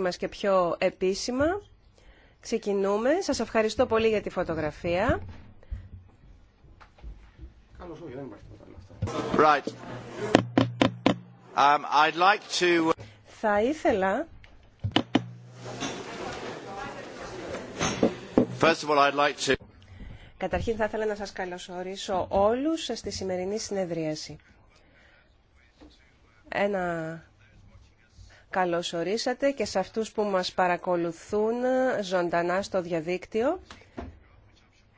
μας και πιο επίσημα. Ξεκινούμε. Σας ευχαριστώ πολύ για τη φωτογραφία. Right. Um, I'd like to... Uh, θα ήθελα... First of I'd like to... Καταρχήν θα ήθελα να σας καλωσορίσω όλους στη σημερινή συνεδρίαση. Ένα Καλώς ορίσατε και σε αυτούς που μας παρακολουθούν ζωντανά στο διαδίκτυο.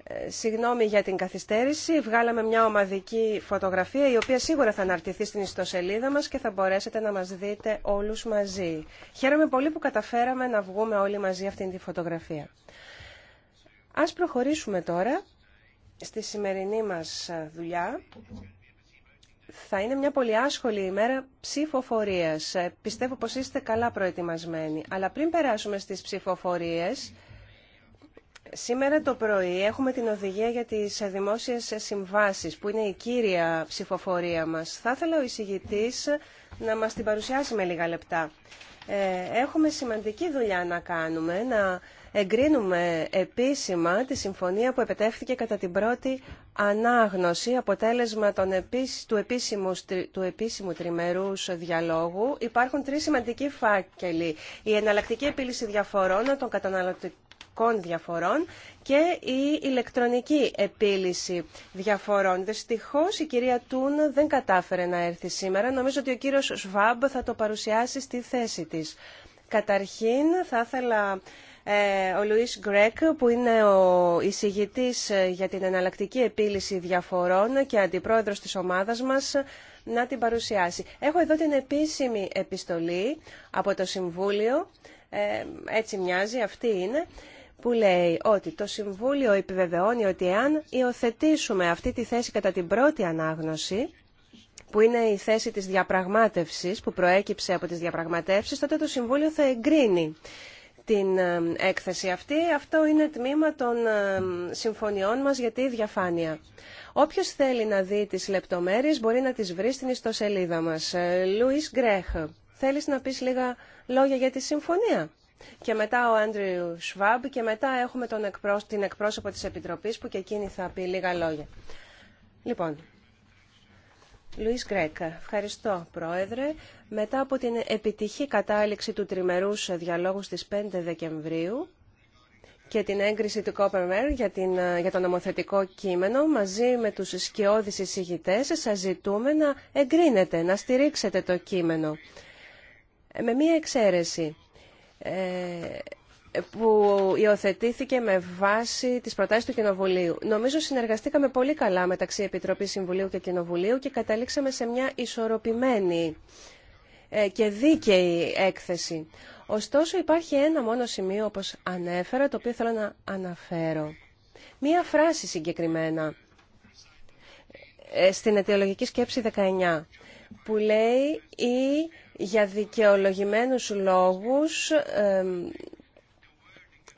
Ε, συγγνώμη για την καθυστέρηση. Βγάλαμε μια ομαδική φωτογραφία η οποία σίγουρα θα αναρτηθεί στην ιστοσελίδα μας και θα μπορέσετε να μας δείτε όλους μαζί. Χαίρομαι πολύ που καταφέραμε να βγούμε όλοι μαζί αυτήν τη φωτογραφία. Ας προχωρήσουμε τώρα στη σημερινή μας δουλειά θα είναι μια πολύ άσχολη ημέρα ψηφοφορίας. Ε, πιστεύω πως είστε καλά προετοιμασμένοι. Αλλά πριν περάσουμε στις ψηφοφορίες, σήμερα το πρωί έχουμε την οδηγία για τις δημόσιες συμβάσεις, που είναι η κύρια ψηφοφορία μας. Θα ήθελα ο εισηγητής να μας την παρουσιάσει με λίγα λεπτά. Ε, έχουμε σημαντική δουλειά να κάνουμε, να εγκρίνουμε επίσημα τη συμφωνία που επετεύχθηκε κατά την πρώτη ανάγνωση, αποτέλεσμα των του, επίσημου, του επίσημου τριμερούς διαλόγου. Υπάρχουν τρεις σημαντικοί φάκελοι. Η εναλλακτική επίλυση διαφορών των καταναλωτικών διαφορών και η ηλεκτρονική επίλυση διαφορών. Δυστυχώ η κυρία Τούν δεν κατάφερε να έρθει σήμερα. Νομίζω ότι ο κύριος Σβάμπ θα το παρουσιάσει στη θέση της. Καταρχήν θα ήθελα ε, ο Λουίς Γκρέκ που είναι ο εισηγητής ε, για την εναλλακτική επίλυση διαφορών και αντιπρόεδρος της ομάδας μας να την παρουσιάσει. Έχω εδώ την επίσημη επιστολή από το Συμβούλιο, ε, έτσι μοιάζει, αυτή είναι, που λέει ότι το Συμβούλιο επιβεβαιώνει ότι εάν υιοθετήσουμε αυτή τη θέση κατά την πρώτη ανάγνωση, που είναι η θέση της διαπραγμάτευσης, που προέκυψε από τις διαπραγματεύσεις, τότε το Συμβούλιο θα εγκρίνει την ε, έκθεση αυτή. Αυτό είναι τμήμα των ε, συμφωνιών μας για τη διαφάνεια. Όποιος θέλει να δει τις λεπτομέρειες μπορεί να τις βρει στην ιστοσελίδα μας. Ε, Λουίς Γκρέχ, θέλεις να πεις λίγα λόγια για τη συμφωνία. Και μετά ο Άντριου Σβάμπ και μετά έχουμε τον την εκπρόσωπο της Επιτροπής που και εκείνη θα πει λίγα λόγια. Λοιπόν, Λουίς Γκρέκ, ευχαριστώ Πρόεδρε. Μετά από την επιτυχή κατάληξη του τριμερούς διαλόγου στις 5 Δεκεμβρίου και την έγκριση του Κόπερμερ για, για το νομοθετικό κείμενο, μαζί με τους σκιώδεις εισηγητές, σας ζητούμε να εγκρίνετε, να στηρίξετε το κείμενο. Ε, με μία εξαίρεση. Ε, που υιοθετήθηκε με βάση τις προτάσεις του Κοινοβουλίου. Νομίζω συνεργαστήκαμε πολύ καλά μεταξύ Επιτροπής Συμβουλίου και Κοινοβουλίου και καταλήξαμε σε μια ισορροπημένη ε, και δίκαιη έκθεση. Ωστόσο υπάρχει ένα μόνο σημείο όπως ανέφερα το οποίο θέλω να αναφέρω. Μία φράση συγκεκριμένα ε, στην αιτιολογική σκέψη 19 που λέει ή για δικαιολογημένους λόγους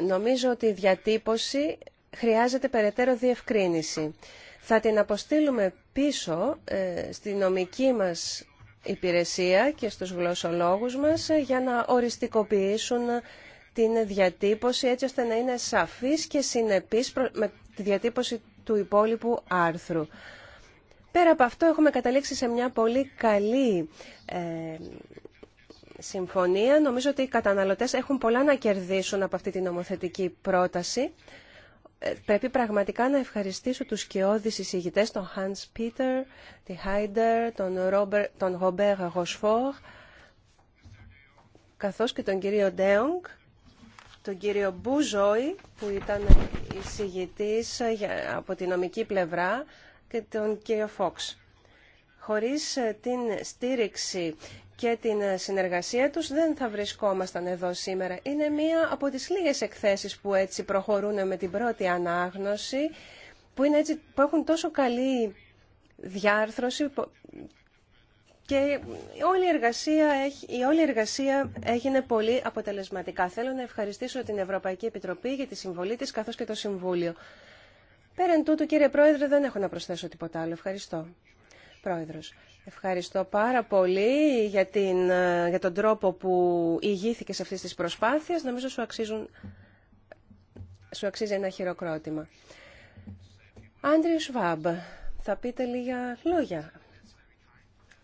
Νομίζω ότι η διατύπωση χρειάζεται περαιτέρω διευκρίνηση. Θα την αποστείλουμε πίσω ε, στη νομική μας υπηρεσία και στους γλωσσολόγους μας ε, για να οριστικοποιήσουν ε, την διατύπωση έτσι ώστε να είναι σαφής και συνεπής με τη διατύπωση του υπόλοιπου άρθρου. Πέρα από αυτό έχουμε καταλήξει σε μια πολύ καλή συμφωνία. Νομίζω ότι οι καταναλωτές έχουν πολλά να κερδίσουν από αυτή την νομοθετική πρόταση. Ε, πρέπει πραγματικά να ευχαριστήσω τους σκιώδεις εισηγητές, τον Hans Peter, τη Heider, τον, Robert, τον Robert Rochefort, καθώς και τον κύριο Ντέονγκ, τον κύριο Μπουζόη, που ήταν εισηγητής ε, από τη νομική πλευρά, και τον κύριο Φόξ. Χωρίς ε, την στήριξη και την ε, συνεργασία τους δεν θα βρισκόμασταν εδώ σήμερα. Είναι μία από τις λίγες εκθέσεις που έτσι προχωρούν με την πρώτη ανάγνωση, που, είναι έτσι, που έχουν τόσο καλή διάρθρωση και όλη η, εργασία, η όλη εργασία έγινε πολύ αποτελεσματικά. Θέλω να ευχαριστήσω την Ευρωπαϊκή Επιτροπή για τη συμβολή της καθώς και το Συμβούλιο. Πέραν τούτου, κύριε Πρόεδρε, δεν έχω να προσθέσω τίποτα άλλο. Ευχαριστώ. Πρόεδρος. Ευχαριστώ πάρα πολύ για, την, ε, για τον τρόπο που ηγήθηκες αυτής της προσπάθειας. Νομίζω σου, αξίζουν, σου αξίζει ένα χειροκρότημα. Άντριο Σβάμπ, θα πείτε λίγα λόγια.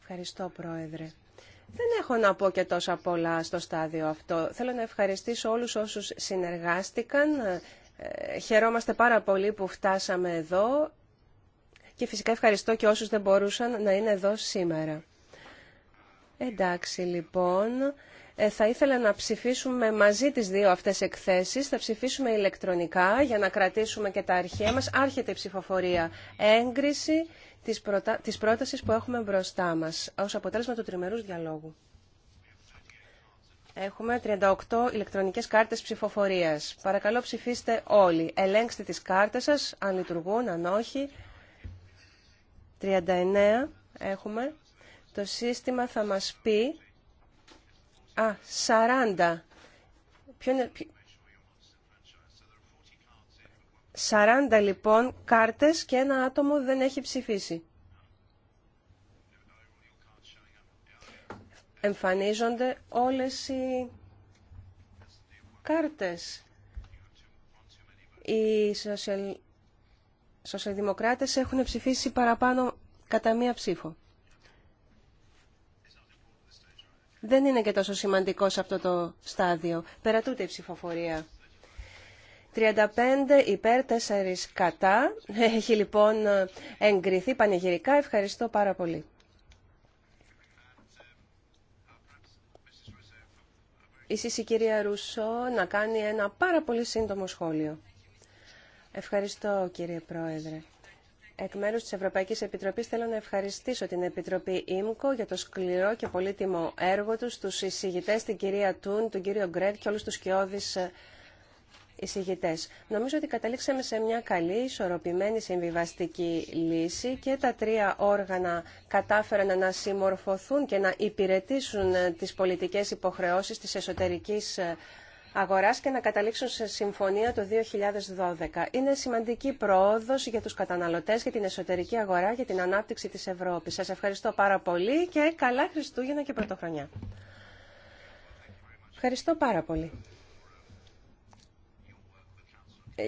Ευχαριστώ, Πρόεδρε. Δεν έχω να πω και τόσα πολλά στο στάδιο αυτό. Θέλω να ευχαριστήσω όλους όσους συνεργάστηκαν. Ε, χαιρόμαστε πάρα πολύ που φτάσαμε εδώ και φυσικά ευχαριστώ και όσους δεν μπορούσαν να είναι εδώ σήμερα. Εντάξει λοιπόν, ε, θα ήθελα να ψηφίσουμε μαζί τις δύο αυτές εκθέσεις. Θα ψηφίσουμε ηλεκτρονικά για να κρατήσουμε και τα αρχεία μας. Άρχεται η ψηφοφορία έγκριση της, προτα... της πρότασης που έχουμε μπροστά μας ως αποτέλεσμα του τριμερούς διαλόγου. Έχουμε 38 ηλεκτρονικές κάρτες ψηφοφορίας. Παρακαλώ ψηφίστε όλοι. Ελέγξτε τις κάρτες σας, αν λειτουργούν, αν όχι. 39 έχουμε. Το σύστημα θα μας πει... Α, 40. 40 λοιπόν κάρτες και ένα άτομο δεν έχει ψηφίσει. Εμφανίζονται όλες οι κάρτες. Οι, σοσιαλ δημοκράτες έχουν ψηφίσει παραπάνω κατά μία ψήφο. Δεν είναι και τόσο σημαντικό σε αυτό το στάδιο. Περατούται η ψηφοφορία. 35 υπέρ, 4 κατά. Έχει λοιπόν εγκριθεί πανηγυρικά. Ευχαριστώ πάρα πολύ. Είσαι η κυρία Ρουσό να κάνει ένα πάρα πολύ σύντομο σχόλιο. Ευχαριστώ κύριε Πρόεδρε. Εκ μέρους της Ευρωπαϊκής Επιτροπής θέλω να ευχαριστήσω την Επιτροπή ΙΜΚΟ για το σκληρό και πολύτιμο έργο τους, τους εισηγητές, την κυρία Τούν, τον κύριο Γκρέτ και όλους τους σκιώδεις ε, εισηγητές. Νομίζω ότι καταλήξαμε σε μια καλή, ισορροπημένη συμβιβαστική λύση και τα τρία όργανα κατάφεραν να συμμορφωθούν και να υπηρετήσουν ε, τις πολιτικές υποχρεώσεις της εσωτερικής ε, Αγορά και να καταλήξουν σε συμφωνία το 2012. Είναι σημαντική πρόοδο για του καταναλωτέ για την εσωτερική αγορά, για την ανάπτυξη τη Ευρώπη. Σα ευχαριστώ πάρα πολύ και καλά Χριστούγεννα και Πρωτοχρονιά. Ευχαριστώ πάρα πολύ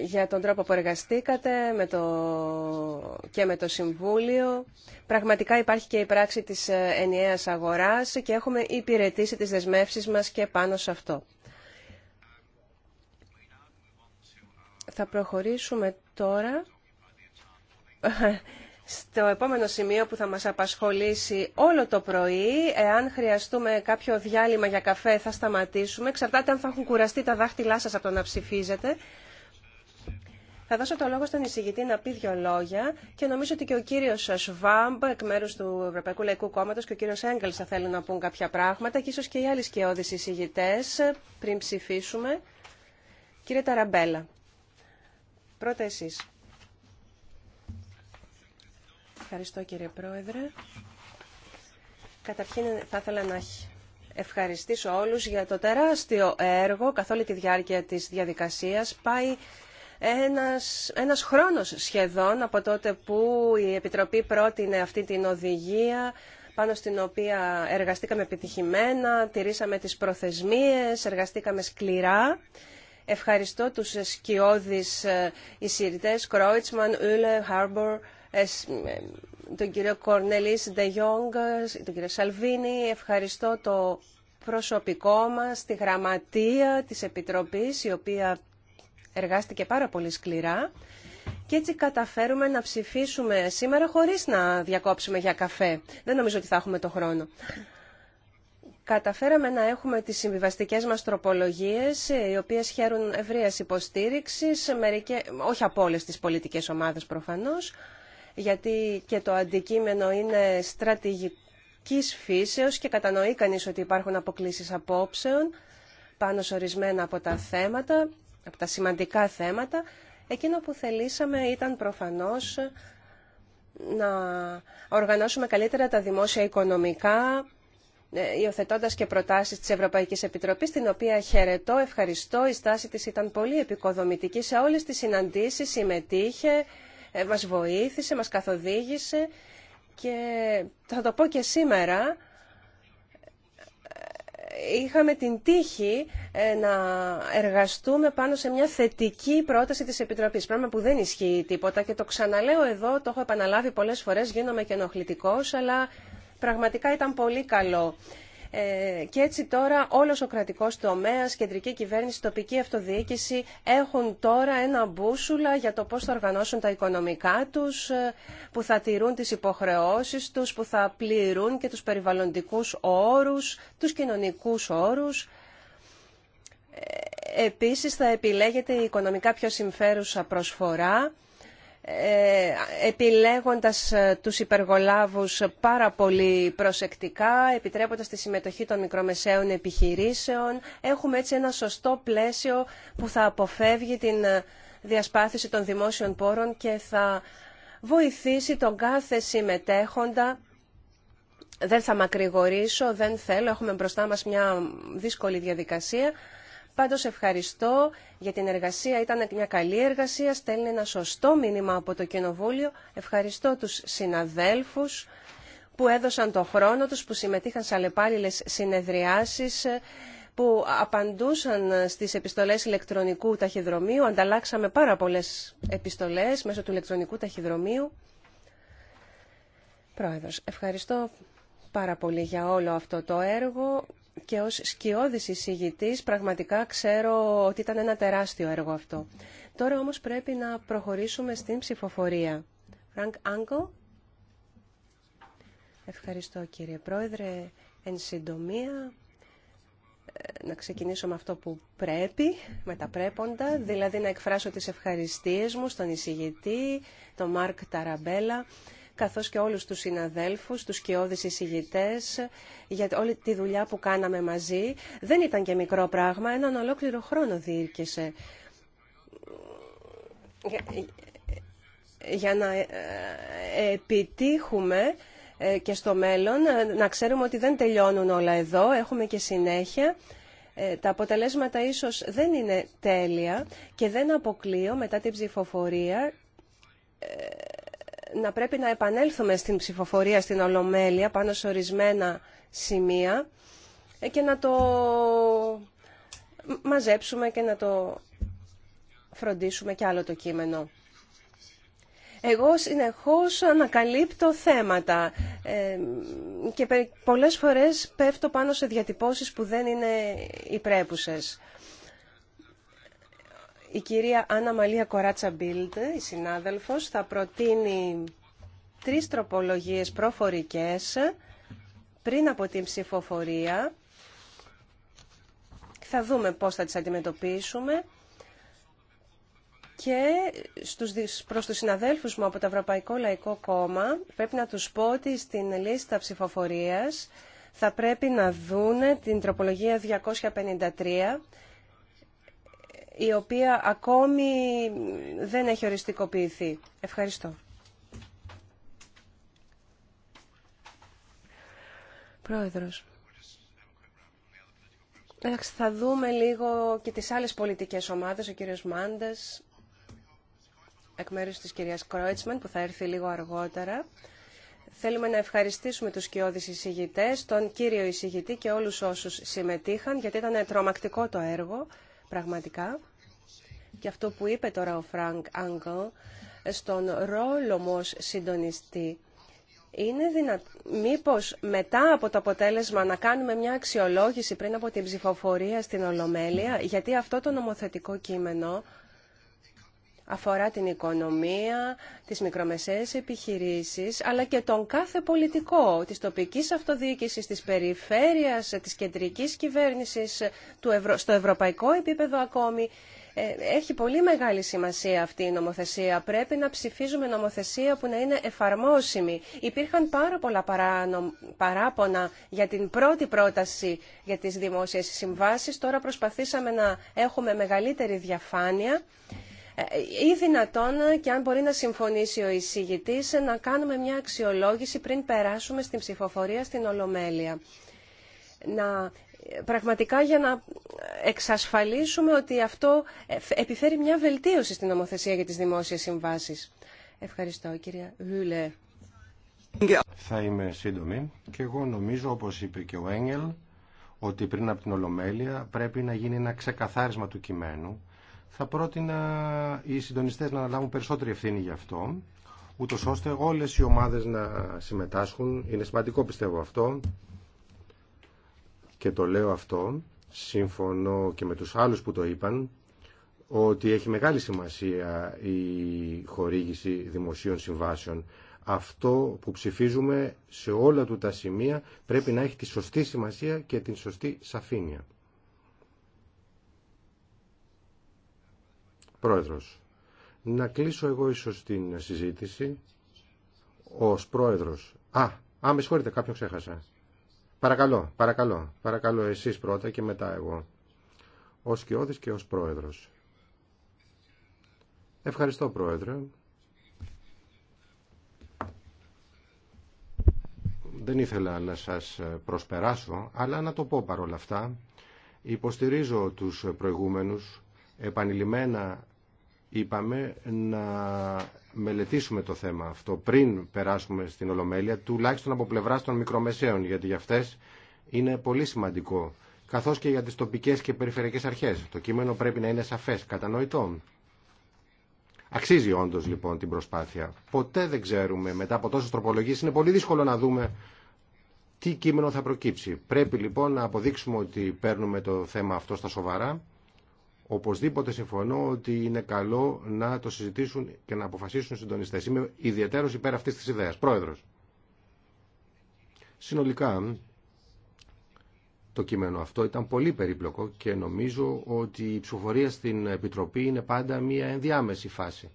για τον τρόπο που εργαστήκατε με το... και με το Συμβούλιο. Πραγματικά υπάρχει και η πράξη της ε, ενιαίας αγοράς και έχουμε υπηρετήσει τις δεσμεύσεις μας και πάνω σε αυτό. Θα προχωρήσουμε τώρα στο επόμενο σημείο που θα μας απασχολήσει όλο το πρωί. Εάν χρειαστούμε κάποιο διάλειμμα για καφέ θα σταματήσουμε. Εξαρτάται αν θα έχουν κουραστεί τα δάχτυλά σας από το να ψηφίζετε. Θα δώσω το λόγο στον εισηγητή να πει δύο λόγια και νομίζω ότι και ο κύριο Σβάμπ εκ μέρου του Ευρωπαϊκού Λαϊκού Κόμματο και ο κύριο Έγκελ θα θέλουν να πούν κάποια πράγματα και ίσω και οι άλλοι σκιώδει εισηγητέ πριν ψηφίσουμε. Κύριε Ταραμπέλα. Πρώτα εσείς. Ευχαριστώ κύριε Πρόεδρε. Καταρχήν θα ήθελα να ευχαριστήσω όλους για το τεράστιο έργο καθ' όλη τη διάρκεια της διαδικασίας. Πάει ένας, ένας χρόνος σχεδόν από τότε που η Επιτροπή πρότεινε αυτή την οδηγία πάνω στην οποία εργαστήκαμε επιτυχημένα, τηρήσαμε τις προθεσμίες, εργαστήκαμε σκληρά Ευχαριστώ τους σκιώδεις ε, εισηρητές Κρόιτσμαν, Ούλε, Χάρμπορ, ε, ε, τον κύριο Κορνελής Ντεγιόγκ, τον κύριο Σαλβίνη. Ευχαριστώ το προσωπικό μας, τη γραμματεία της Επιτροπής, η οποία εργάστηκε πάρα πολύ σκληρά. Και έτσι καταφέρουμε να ψηφίσουμε σήμερα χωρίς να διακόψουμε για καφέ. Δεν νομίζω ότι θα έχουμε το χρόνο. Καταφέραμε να έχουμε τις συμβιβαστικές μας τροπολογίες, ε, οι οποίες χαίρουν ευρείας υποστήριξης, όχι από όλες τις πολιτικές ομάδες προφανώς, γιατί και το αντικείμενο είναι στρατηγικής φύσεως και κατανοεί κανείς ότι υπάρχουν αποκλήσεις απόψεων πάνω σε ορισμένα από τα θέματα, από τα σημαντικά θέματα. Εκείνο που θελήσαμε ήταν προφανώς να οργανώσουμε καλύτερα τα δημόσια οικονομικά, ε, υιοθετώντα και προτάσει τη Ευρωπαϊκή Επιτροπή, την οποία χαιρετώ, ευχαριστώ. Η στάση τη ήταν πολύ επικοδομητική σε όλε τι συναντήσει, συμμετείχε, ε, μα βοήθησε, μα καθοδήγησε και θα το πω και σήμερα. Ε, είχαμε την τύχη να εργαστούμε πάνω σε μια θετική πρόταση της Επιτροπής, πράγμα που δεν ισχύει τίποτα και το ξαναλέω εδώ, το έχω επαναλάβει πολλές φορές, γίνομαι και ενοχλητικός, αλλά πραγματικά ήταν πολύ καλό. Ε, και έτσι τώρα όλος ο κρατικός τομέας, κεντρική κυβέρνηση, τοπική αυτοδιοίκηση έχουν τώρα ένα μπούσουλα για το πώς θα οργανώσουν τα οικονομικά τους, ε, που θα τηρούν τις υποχρεώσεις τους, που θα πληρούν και τους περιβαλλοντικούς όρους, τους κοινωνικούς όρους. Ε, επίσης θα επιλέγεται η οικονομικά πιο συμφέρουσα προσφορά ε, επιλέγοντας ε, τους υπεργολάβους πάρα πολύ προσεκτικά, επιτρέποντας τη συμμετοχή των μικρομεσαίων επιχειρήσεων. Έχουμε έτσι ένα σωστό πλαίσιο που θα αποφεύγει την ε, διασπάθηση των δημόσιων πόρων και θα βοηθήσει τον κάθε συμμετέχοντα. Δεν θα μακρηγορήσω, δεν θέλω, έχουμε μπροστά μας μια δύσκολη διαδικασία. Πάντως ευχαριστώ για την εργασία. Ήταν μια καλή εργασία, στέλνει ένα σωστό μήνυμα από το Κοινοβούλιο. Ευχαριστώ τους συναδέλφους που έδωσαν το χρόνο τους, που συμμετείχαν σε αλλεπάλληλες συνεδριάσεις, που απαντούσαν στις επιστολές ηλεκτρονικού ταχυδρομείου. Ανταλλάξαμε πάρα πολλές επιστολές μέσω του ηλεκτρονικού ταχυδρομείου. Πρόεδρος, ευχαριστώ πάρα πολύ για όλο αυτό το έργο και ως σκιώδης εισηγητής πραγματικά ξέρω ότι ήταν ένα τεράστιο έργο αυτό. Τώρα όμως πρέπει να προχωρήσουμε στην ψηφοφορία. Frank Angle; Ευχαριστώ κύριε Πρόεδρε. Εν συντομία, ε, να ξεκινήσω με αυτό που πρέπει, με τα πρέποντα, δηλαδή να εκφράσω τις ευχαριστίες μου στον εισηγητή, τον Μάρκ Ταραμπέλα, καθώς και όλους τους συναδέλφους, τους κοιόδης εισηγητές, για όλη τη δουλειά που κάναμε μαζί. Δεν ήταν και μικρό πράγμα, έναν ολόκληρο χρόνο διήρκησε για να ε, επιτύχουμε ε, και στο μέλλον, ε, να ξέρουμε ότι δεν τελειώνουν όλα εδώ, έχουμε και συνέχεια. Τα αποτελέσματα ίσως δεν είναι τέλεια και δεν αποκλείω μετά την ψηφοφορία να πρέπει να επανέλθουμε στην ψηφοφορία στην Ολομέλεια πάνω σε ορισμένα σημεία ε, και να το μαζέψουμε και να το φροντίσουμε κι άλλο το κείμενο. Εγώ συνεχώς ανακαλύπτω θέματα ε, και πολλές φορές πέφτω πάνω σε διατυπώσεις που δεν είναι υπρέπουσες. Η κυρία Άννα Μαλία Κοράτσα Μπίλντ, η συνάδελφος, θα προτείνει τρεις τροπολογίες προφορικές πριν από την ψηφοφορία. Θα δούμε πώς θα τις αντιμετωπίσουμε. Και στους, προς τους συναδέλφους μου από το Ευρωπαϊκό Λαϊκό Κόμμα πρέπει να τους πω ότι στην λίστα ψηφοφορίας θα πρέπει να δούνε την τροπολογία 253 η οποία ακόμη δεν έχει οριστικοποιηθεί. Ευχαριστώ. Πρόεδρος. Θα δούμε λίγο και τις άλλες πολιτικές ομάδες, ο κύριος Μάντες, εκ μέρους της κυρίας Κρόιτσμαν, που θα έρθει λίγο αργότερα. Θέλουμε να ευχαριστήσουμε τους σκιώδεις εισηγητέ, τον κύριο εισηγητή και όλους όσους συμμετείχαν, γιατί ήταν τρομακτικό το έργο, πραγματικά και αυτό που είπε τώρα ο Φρανκ Άγκο στον ρόλο μου συντονιστή. Είναι δυνατό. Μήπως μετά από το αποτέλεσμα να κάνουμε μια αξιολόγηση πριν από την ψηφοφορία στην Ολομέλεια, γιατί αυτό το νομοθετικό κείμενο αφορά την οικονομία, τις μικρομεσαίες επιχειρήσεις, αλλά και τον κάθε πολιτικό της τοπικής αυτοδιοίκησης, της περιφέρειας, της κεντρικής κυβέρνησης, του ευρω... στο ευρωπαϊκό επίπεδο ακόμη. Ε, έχει πολύ μεγάλη σημασία αυτή η νομοθεσία. Πρέπει να ψηφίζουμε νομοθεσία που να είναι εφαρμόσιμη. Υπήρχαν πάρα πολλά παράπονα για την πρώτη πρόταση για τις δημόσιες συμβάσεις. Τώρα προσπαθήσαμε να έχουμε μεγαλύτερη διαφάνεια ε, ή δυνατόν και αν μπορεί να συμφωνήσει ο εισηγητής να κάνουμε μια αξιολόγηση πριν περάσουμε στην ψηφοφορία στην Ολομέλεια. Να πραγματικά για να εξασφαλίσουμε ότι αυτό ε, επιφέρει μια βελτίωση στην νομοθεσία για τις δημόσιες συμβάσεις. Ευχαριστώ κυρία Βουλέ. Θα είμαι σύντομη και εγώ νομίζω όπως είπε και ο Έγγελ ότι πριν από την Ολομέλεια πρέπει να γίνει ένα ξεκαθάρισμα του κειμένου θα πρότεινα οι συντονιστές να αναλάβουν περισσότερη ευθύνη γι' αυτό, ούτω ώστε όλες οι ομάδες να συμμετάσχουν. Είναι σημαντικό πιστεύω αυτό και το λέω αυτό, σύμφωνο και με τους άλλους που το είπαν, ότι έχει μεγάλη σημασία η χορήγηση δημοσίων συμβάσεων. Αυτό που ψηφίζουμε σε όλα του τα σημεία πρέπει να έχει τη σωστή σημασία και την σωστή σαφήνεια. Πρόεδρος, να κλείσω εγώ ίσως την συζήτηση ως πρόεδρος. Α, α, με συγχωρείτε, κάποιον ξέχασα. Παρακαλώ, παρακαλώ, παρακαλώ εσείς πρώτα και μετά εγώ. Ως κοιόδης και ως πρόεδρος. Ευχαριστώ πρόεδρε. Δεν ήθελα να σας προσπεράσω, αλλά να το πω παρόλα αυτά. Υποστηρίζω τους προηγούμενους επανειλημμένα είπαμε να μελετήσουμε το θέμα αυτό πριν περάσουμε στην Ολομέλεια, τουλάχιστον από πλευρά των μικρομεσαίων, γιατί για αυτές είναι πολύ σημαντικό, καθώς και για τις τοπικές και περιφερειακές αρχές. Το κείμενο πρέπει να είναι σαφές, κατανοητό. Αξίζει όντω λοιπόν την προσπάθεια. Ποτέ δεν ξέρουμε μετά από τόσε τροπολογίε. Είναι πολύ δύσκολο να δούμε τι κείμενο θα προκύψει. Πρέπει λοιπόν να αποδείξουμε ότι παίρνουμε το θέμα αυτό στα σοβαρά Οπωσδήποτε συμφωνώ ότι είναι καλό να το συζητήσουν και να αποφασίσουν οι συντονιστέ. Είμαι ιδιαίτερο υπέρ αυτή τη ιδέα. Πρόεδρο. Συνολικά, το κείμενο αυτό ήταν πολύ περίπλοκο και νομίζω ότι η ψηφοφορία στην Επιτροπή είναι πάντα μια ενδιάμεση φάση.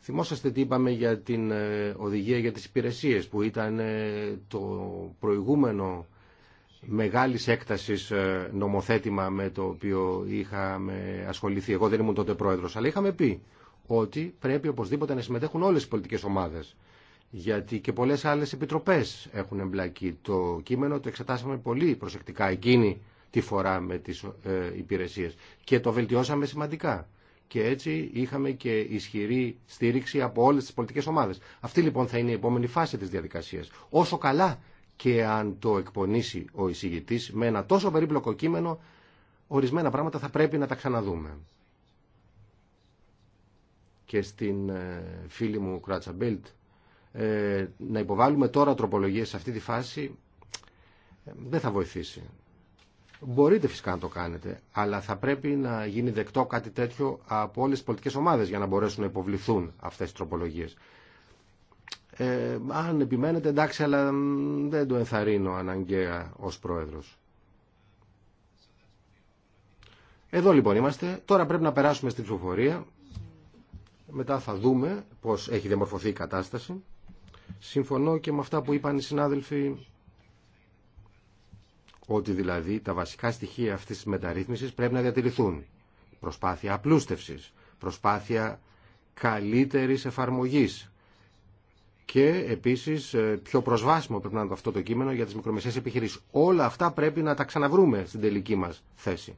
Θυμόσαστε τι είπαμε για την ε, οδηγία για τις υπηρεσίες που ήταν ε, το προηγούμενο μεγάλης έκτασης ε, νομοθέτημα με το οποίο είχαμε ασχοληθεί. Εγώ δεν ήμουν τότε πρόεδρος, αλλά είχαμε πει ότι πρέπει οπωσδήποτε να συμμετέχουν όλες οι πολιτικές ομάδες. Γιατί και πολλές άλλες επιτροπές έχουν εμπλακεί. Το κείμενο το εξετάσαμε πολύ προσεκτικά εκείνη τη φορά με τις ε, υπηρεσίες και το βελτιώσαμε σημαντικά. Και έτσι είχαμε και ισχυρή στήριξη από όλες τις πολιτικές ομάδες. Αυτή λοιπόν θα είναι η επόμενη φάση της διαδικασίας. Όσο καλά και αν το εκπονήσει ο εισηγητή με ένα τόσο περίπλοκο κείμενο, ορισμένα πράγματα θα πρέπει να τα ξαναδούμε. Και στην ε, φίλη μου Κράτσα Μπέλτ, ε, να υποβάλουμε τώρα τροπολογίες σε αυτή τη φάση ε, δεν θα βοηθήσει. Μπορείτε φυσικά να το κάνετε, αλλά θα πρέπει να γίνει δεκτό κάτι τέτοιο από όλες τις πολιτικές ομάδε για να μπορέσουν να υποβληθούν αυτέ τι τροπολογίε. Ε, αν επιμένετε εντάξει αλλά δεν το ενθαρρύνω αναγκαία ως πρόεδρος. Εδώ λοιπόν είμαστε. Τώρα πρέπει να περάσουμε στην ψηφοφορία. Μετά θα δούμε πώς έχει διαμορφωθεί η κατάσταση. Συμφωνώ και με αυτά που είπαν οι συνάδελφοι ότι δηλαδή τα βασικά στοιχεία αυτής της μεταρρύθμισης πρέπει να διατηρηθούν. Προσπάθεια απλούστευσης, προσπάθεια καλύτερης εφαρμογής και επίσης ε, πιο προσβάσιμο πρέπει να είναι αυτό το κείμενο για τις μικρομεσαίες επιχειρήσεις. Όλα αυτά πρέπει να τα ξαναβρούμε στην τελική μας θέση.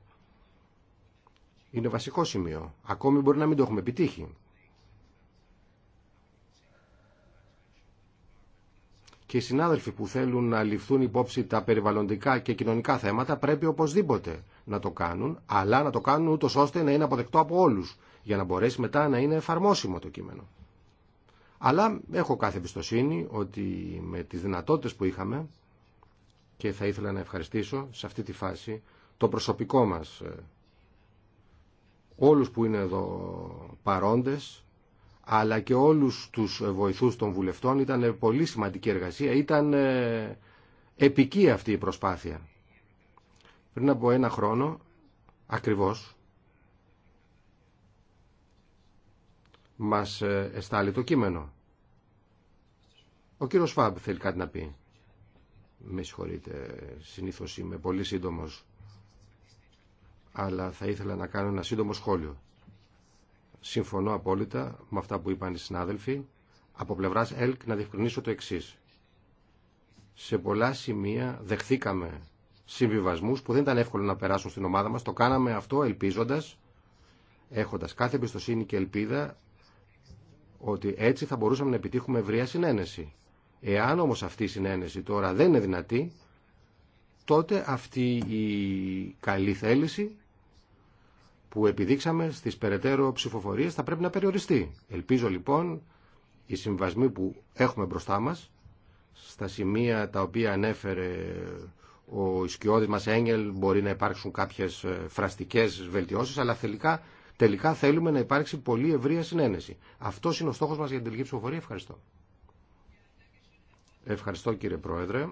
Είναι βασικό σημείο. Ακόμη μπορεί να μην το έχουμε επιτύχει. Και οι συνάδελφοι που θέλουν να ληφθούν υπόψη τα περιβαλλοντικά και κοινωνικά θέματα πρέπει οπωσδήποτε να το κάνουν, αλλά να το κάνουν ούτως ώστε να είναι αποδεκτό από όλους, για να μπορέσει μετά να είναι εφαρμόσιμο το κείμενο. Αλλά έχω κάθε εμπιστοσύνη ότι με τις δυνατότητες που είχαμε και θα ήθελα να ευχαριστήσω σε αυτή τη φάση το προσωπικό μας ε, όλους που είναι εδώ παρόντες αλλά και όλους τους βοηθούς των βουλευτών ήταν πολύ σημαντική εργασία ήταν ε, επική αυτή η προσπάθεια πριν από ένα χρόνο ακριβώς μας ε, εστάλει το κείμενο ο κύριος Φαμπ θέλει κάτι να πει. Με συγχωρείτε, συνήθως είμαι πολύ σύντομος. Αλλά θα ήθελα να κάνω ένα σύντομο σχόλιο. Συμφωνώ απόλυτα με αυτά που είπαν οι συνάδελφοι. Από πλευράς ΕΛΚ να διευκρινίσω το εξής. Σε πολλά σημεία δεχθήκαμε συμβιβασμούς που δεν ήταν εύκολο να περάσουν στην ομάδα μας. Το κάναμε αυτό ελπίζοντας, έχοντας κάθε εμπιστοσύνη και ελπίδα ότι έτσι θα μπορούσαμε να επιτύχουμε ευρεία συνένεση. Εάν όμως αυτή η συνένεση τώρα δεν είναι δυνατή, τότε αυτή η καλή θέληση που επιδείξαμε στις περαιτέρω ψηφοφορίες θα πρέπει να περιοριστεί. Ελπίζω λοιπόν οι συμβασμοί που έχουμε μπροστά μας, στα σημεία τα οποία ανέφερε ο ισκιώδης μας Έγγελ, μπορεί να υπάρξουν κάποιες ε, φραστικές βελτιώσεις, αλλά τελικά, τελικά θέλουμε να υπάρξει πολύ ευρεία συνένεση. Αυτό είναι ο στόχος μας για την τελική ψηφοφορία. Ευχαριστώ. Ευχαριστώ κύριε Πρόεδρε.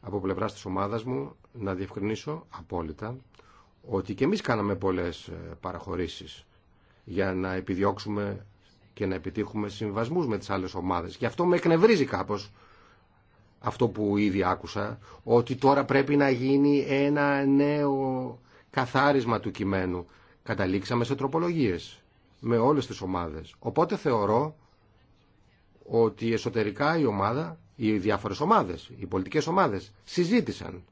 Από πλευρά της ομάδας μου να διευκρινίσω απόλυτα ότι και εμείς κάναμε πολλές ε, παραχωρήσεις για να επιδιώξουμε και να επιτύχουμε συμβασμούς με τις άλλες ομάδες. Γι' αυτό με εκνευρίζει κάπως αυτό που ήδη άκουσα, ότι τώρα πρέπει να γίνει ένα νέο καθάρισμα του κειμένου. Καταλήξαμε σε τροπολογίες με όλες τις ομάδες. Οπότε θεωρώ ότι εσωτερικά η ομάδα, οι διάφορες ομάδες, οι πολιτικές ομάδες συζήτησαν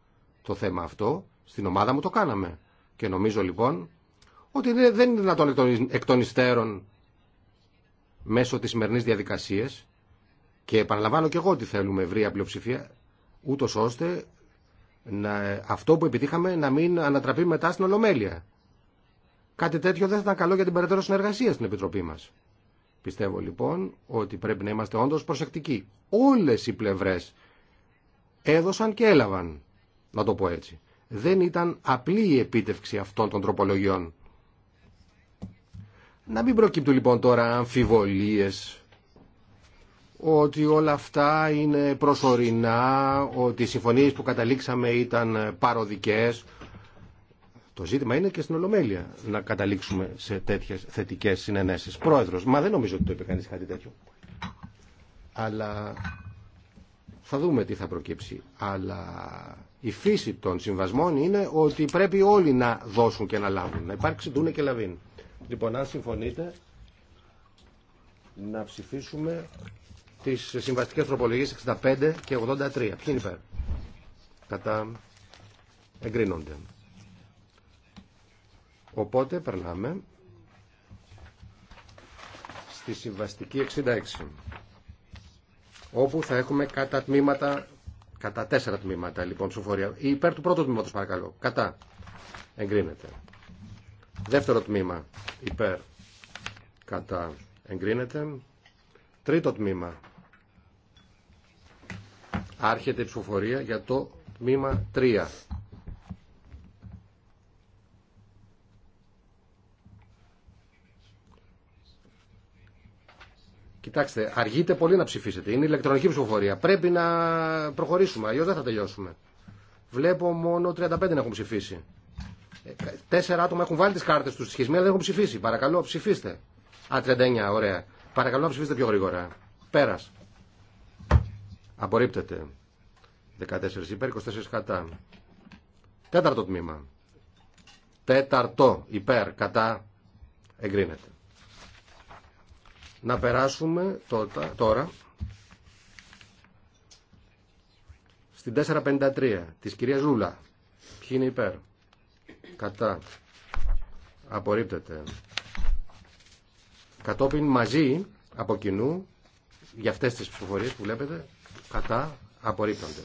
το θέμα αυτό. Στην ομάδα μου το κάναμε. Και νομίζω λοιπόν ότι δεν είναι δυνατόν εκ των υστέρων μέσω της σημερινή διαδικασίας και επαναλαμβάνω και εγώ ότι θέλουμε ευρία πλειοψηφία ούτω ώστε να, αυτό που επιτύχαμε να μην ανατραπεί μετά στην Ολομέλεια. Κάτι τέτοιο δεν θα ήταν καλό για την περαιτέρω συνεργασία στην Επιτροπή μας. Πιστεύω λοιπόν ότι πρέπει να είμαστε όντως προσεκτικοί. Όλες οι πλευρές έδωσαν και έλαβαν, να το πω έτσι. Δεν ήταν απλή η επίτευξη αυτών των τροπολογιών. Να μην προκύπτουν λοιπόν τώρα αμφιβολίες ότι όλα αυτά είναι προσωρινά, ότι οι συμφωνίες που καταλήξαμε ήταν παροδικές, το ζήτημα είναι και στην Ολομέλεια να καταλήξουμε σε τέτοιε θετικέ συνενέσει. Πρόεδρο, μα δεν νομίζω ότι το είπε κανεί κάτι τέτοιο. Αλλά θα δούμε τι θα προκύψει. Αλλά η φύση των συμβασμών είναι ότι πρέπει όλοι να δώσουν και να λάβουν. Να υπάρξει ντούνε και λαβίν. Λοιπόν, αν συμφωνείτε, να ψηφίσουμε τι συμβαστικέ τροπολογίε 65 και 83. Ποιοι είναι υπέρ. Κατά εγκρίνονται. Οπότε περνάμε στη συμβαστική 66 όπου θα έχουμε κατά τμήματα κατά τέσσερα τμήματα λοιπόν ψηφοφορία υπέρ του πρώτου τμήματος παρακαλώ κατά εγκρίνεται δεύτερο τμήμα υπέρ κατά εγκρίνεται τρίτο τμήμα άρχεται η ψηφοφορία για το τμήμα 3 Κοιτάξτε, αργείτε πολύ να ψηφίσετε. Είναι ηλεκτρονική ψηφοφορία. Πρέπει να προχωρήσουμε, αλλιώ δεν θα τελειώσουμε. Βλέπω μόνο 35 να έχουν ψηφίσει. Ε, τέσσερα άτομα έχουν βάλει τι κάρτε του στη σχισμή, αλλά δεν έχουν ψηφίσει. Παρακαλώ, ψηφίστε. Α, 39, ωραία. Παρακαλώ να ψηφίσετε πιο γρήγορα. Πέρα. Απορρίπτεται. 14 υπέρ, 24 κατά. Τέταρτο τμήμα. Τέταρτο υπέρ, κατά. Εγκρίνεται. Να περάσουμε τώρα στην 453 της κυρίας Ζούλα. Ποιοι είναι υπέρ. Κατά. Απορρίπτεται. Κατόπιν μαζί από κοινού για αυτές τις ψηφοφορίες που βλέπετε κατά απορρίπτονται.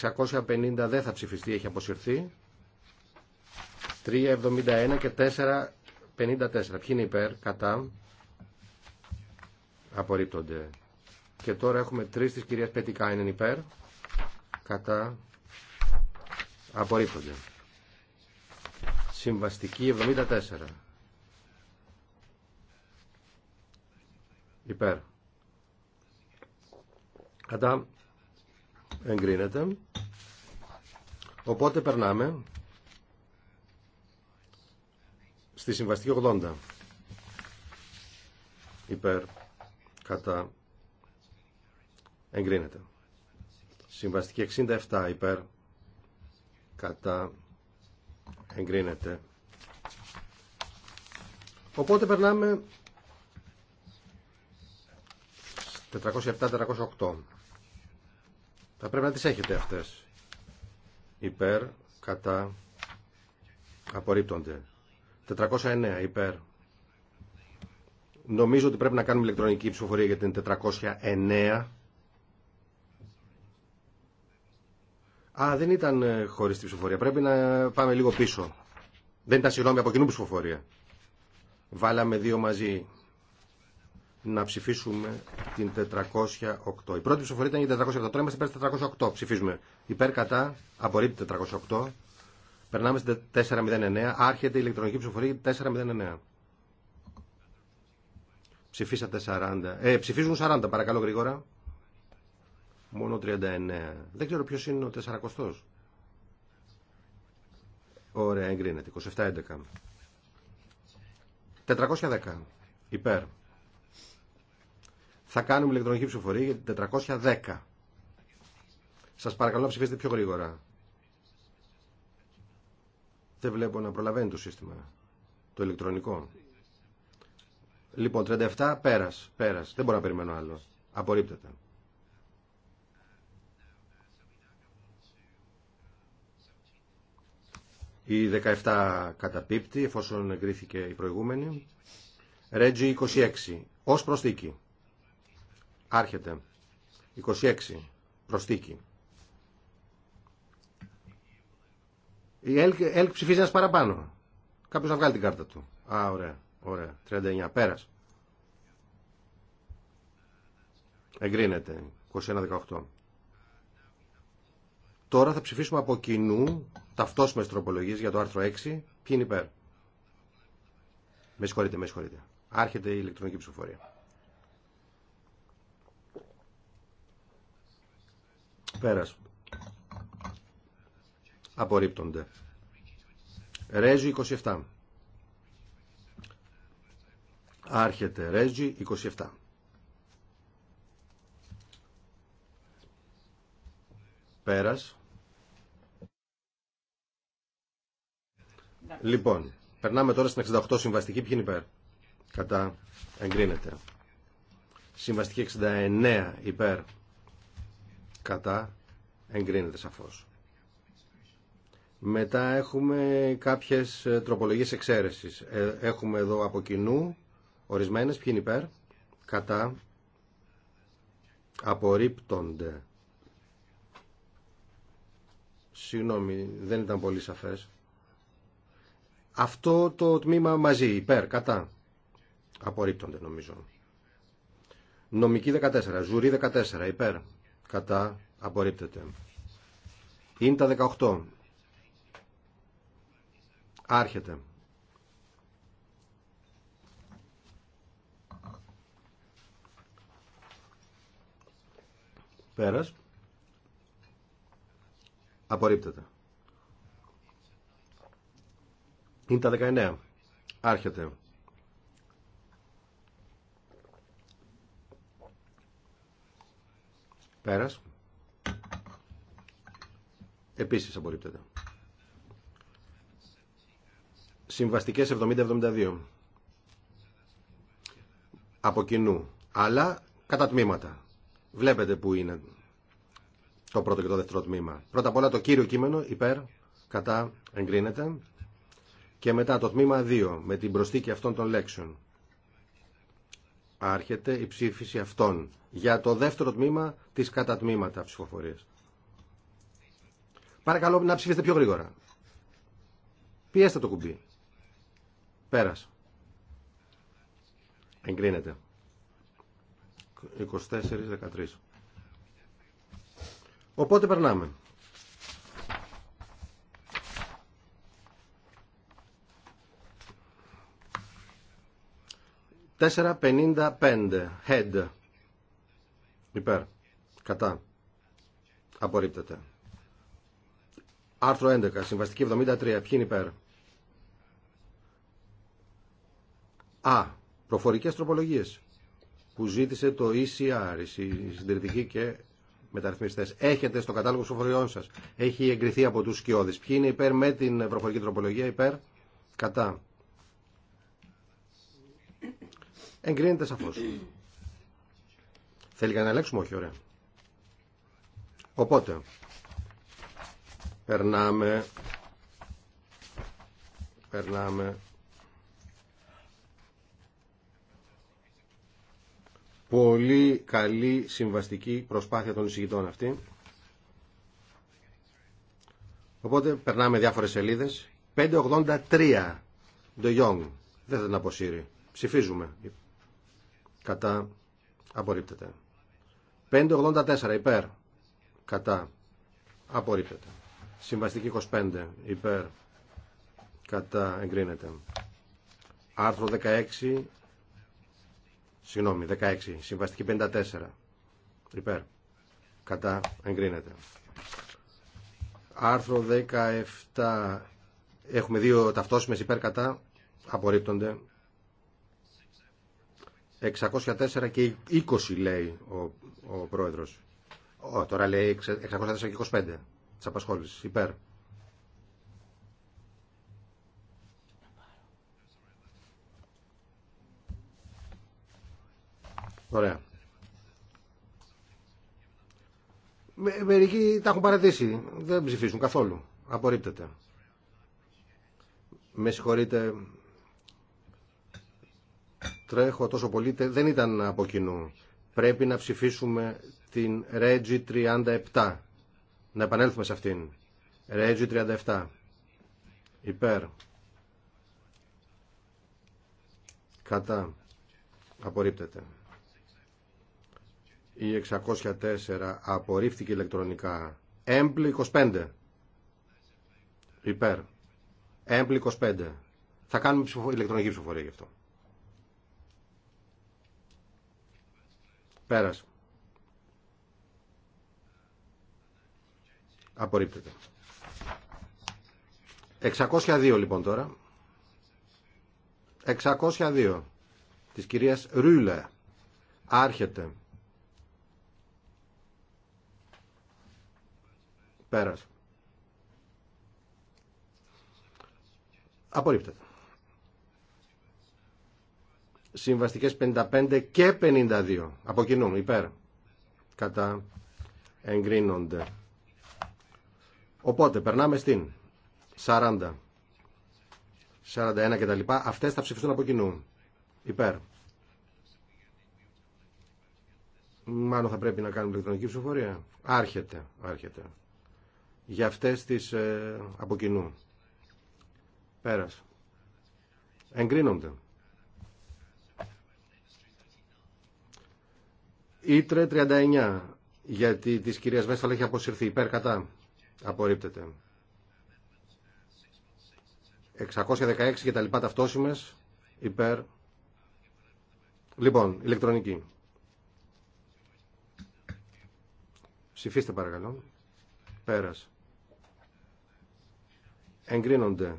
650 δεν θα ψηφιστεί, έχει αποσυρθεί. 371 και 54. Ποιοι είναι υπέρ, κατά, απορρίπτονται. Και τώρα έχουμε τρει τη κυρία Πετικά είναι υπέρ, κατά, απορρίπτονται. Συμβαστική 74. Υπέρ. Κατά εγκρίνεται. Οπότε περνάμε στη συμβαστική 80 υπέρ κατά εγκρίνεται συμβαστική 67 υπέρ κατά εγκρίνεται οπότε περνάμε 407-408 θα πρέπει να τις έχετε αυτές υπέρ κατά απορρίπτονται 409 υπέρ. Νομίζω ότι πρέπει να κάνουμε ηλεκτρονική ψηφοφορία για την 409. Α, δεν ήταν ε, χωρί τη ψηφοφορία. Πρέπει να πάμε λίγο πίσω. Δεν ήταν συγγνώμη από κοινού ψηφοφορία. Βάλαμε δύο μαζί να ψηφίσουμε την 408. Η πρώτη ψηφοφορία ήταν την 407. Τώρα είμαστε υπέρ 408. Ψηφίζουμε υπέρ κατά, απορρίπτει 408. Περνάμε στην 409. Άρχεται η ηλεκτρονική ψηφοφορία 409. Ψηφίσατε 40. Ε, ψηφίζουν 40, παρακαλώ γρήγορα. Μόνο 39. Δεν ξέρω ποιο είναι ο 400. Ωραία, εγκρίνεται. 27-11. 410. Υπέρ. Θα κάνουμε ηλεκτρονική ψηφοφορία για την 410. Σας παρακαλώ να ψηφίσετε πιο γρήγορα. Δεν βλέπω να προλαβαίνει το σύστημα. Το ηλεκτρονικό. Λοιπόν, 37, πέρας, πέρας. Δεν μπορώ να περιμένω άλλο. Απορρίπτεται. Η 17 καταπίπτει, εφόσον εγκρίθηκε η προηγούμενη. Ρέτζι 26, ως προστήκη. Άρχεται. 26, προστίκη. Η ΕΛΚ, ψηφίζει ένα παραπάνω. Κάποιο να βγάλει την κάρτα του. Α, ωραία, ωραία. 39, πέρα. Εγκρίνεται. 21-18. Τώρα θα ψηφίσουμε από κοινού ταυτόσιμε τροπολογίες για το άρθρο 6. Ποιοι είναι υπέρ. Με συγχωρείτε, με συγχωρείτε. Άρχεται η ηλεκτρονική ψηφοφορία. Πέρας απορρίπτονται. Ρέζι 27. Άρχεται Ρέζι 27. Πέρας. Λοιπόν, περνάμε τώρα στην 68 συμβαστική. Ποιοι είναι υπέρ. Κατά. Εγκρίνεται. Συμβαστική 69 υπέρ. Κατά. Εγκρίνεται σαφώς. Μετά έχουμε κάποιες ε, τροπολογίες εξαίρεσης. Ε, έχουμε εδώ από κοινού ορισμένες ποιοι είναι υπέρ, κατά, απορρίπτονται. Συγγνώμη, δεν ήταν πολύ σαφές. Αυτό το τμήμα μαζί, υπέρ, κατά, απορρίπτονται νομίζω. Νομική 14, ζουρί 14, υπέρ, κατά, απορρίπτεται. Είναι τα 18, Άρχεται. Πέρας. Απορρίπτεται. Είναι τα 19. Άρχεται. Πέρας. Επίσης απορρίπτεται. Συμβαστικέ 70 70-72 από κοινού αλλά κατά τμήματα βλέπετε που είναι το πρώτο και το δεύτερο τμήμα πρώτα απ' όλα το κύριο κείμενο υπέρ κατά εγκρίνεται και μετά το τμήμα 2 με την προσθήκη αυτών των λέξεων άρχεται η ψήφιση αυτών για το δεύτερο τμήμα της τμήματα ψηφοφορίας παρακαλώ να ψηφίσετε πιο γρήγορα πιέστε το κουμπί Πέρας. Εγκρίνεται. 24-13. Οπότε περνάμε. Τέσσερα πενήντα πέντε. Head. Υπέρ. Κατά. Απορρίπτεται. Άρθρο 11. Συμβαστική 73. Ποιοι είναι υπέρ. Α. Προφορικές τροπολογίες που ζήτησε το ECR, οι συντηρητικοί και μεταρρυθμιστέ. Έχετε στο κατάλογο σοφοριων σα. Έχει εγκριθεί από του σκιώδει. Ποιοι είναι υπέρ με την προφορική τροπολογία, υπέρ, κατά. Εγκρίνεται σαφώ. Θέλει κανένα να ελέγξουμε, όχι, ωραία. Οπότε, περνάμε, περνάμε πολύ καλή συμβαστική προσπάθεια των εισηγητών αυτή. Οπότε περνάμε διάφορες σελίδες. 583 De Δεν θα την αποσύρει. Ψηφίζουμε. Κατά. Απορρίπτεται. 584 υπέρ. Κατά. Απορρίπτεται. Συμβαστική 25 υπέρ. Κατά. Εγκρίνεται. Άρθρο 16 Συγγνώμη, 16. Συμβαστική 54. Υπέρ. Κατά. Εγκρίνεται. Άρθρο 17. Έχουμε δύο ταυτόσιμες υπέρ κατά. Απορρίπτονται. 604 και 20 λέει ο, ο πρόεδρος. τώρα λέει 604 και 25 της απασχόλησης. Υπέρ. Ωραία. Με, μερικοί τα έχουν παρατήσει. Δεν ψηφίσουν καθόλου. Απορρίπτεται. Με συγχωρείτε. Τρέχω τόσο πολύ. Δεν ήταν από κοινού. Πρέπει να ψηφίσουμε την Regi 37. Να επανέλθουμε σε αυτήν. Regi 37. Υπέρ. Κατά. Απορρίπτεται. Η 604 απορρίφθηκε ηλεκτρονικά. Έμπλη 25. Υπέρ. Έμπλη 25. Θα κάνουμε ηλεκτρονική ψηφοφορία γι' αυτό. Πέρασε. Απορρίπτεται. 602 λοιπόν τώρα. 602 της κυρίας Ρούλε. Άρχεται. Πέρας. Απορρίπτεται. Συμβαστικές 55 και 52. Από κοινού, υπέρ. Κατά εγκρίνονται. Οπότε, περνάμε στην 40, 41 κτλ. Αυτές θα ψηφιστούν από κοινού. Υπέρ. Μάλλον θα πρέπει να κάνουμε ηλεκτρονική ψηφοφορία. Άρχεται, άρχεται για αυτές τις ε, από κοινού. Πέρας. Εγκρίνονται. Ήτρε 39, γιατί της κυρίας Βέσφαλ έχει αποσυρθεί υπέρ κατά. Απορρίπτεται. 616 και τα λοιπά ταυτόσημες υπέρ. Λοιπόν, ηλεκτρονική. Ψηφίστε παρακαλώ. Πέρας εγκρίνονται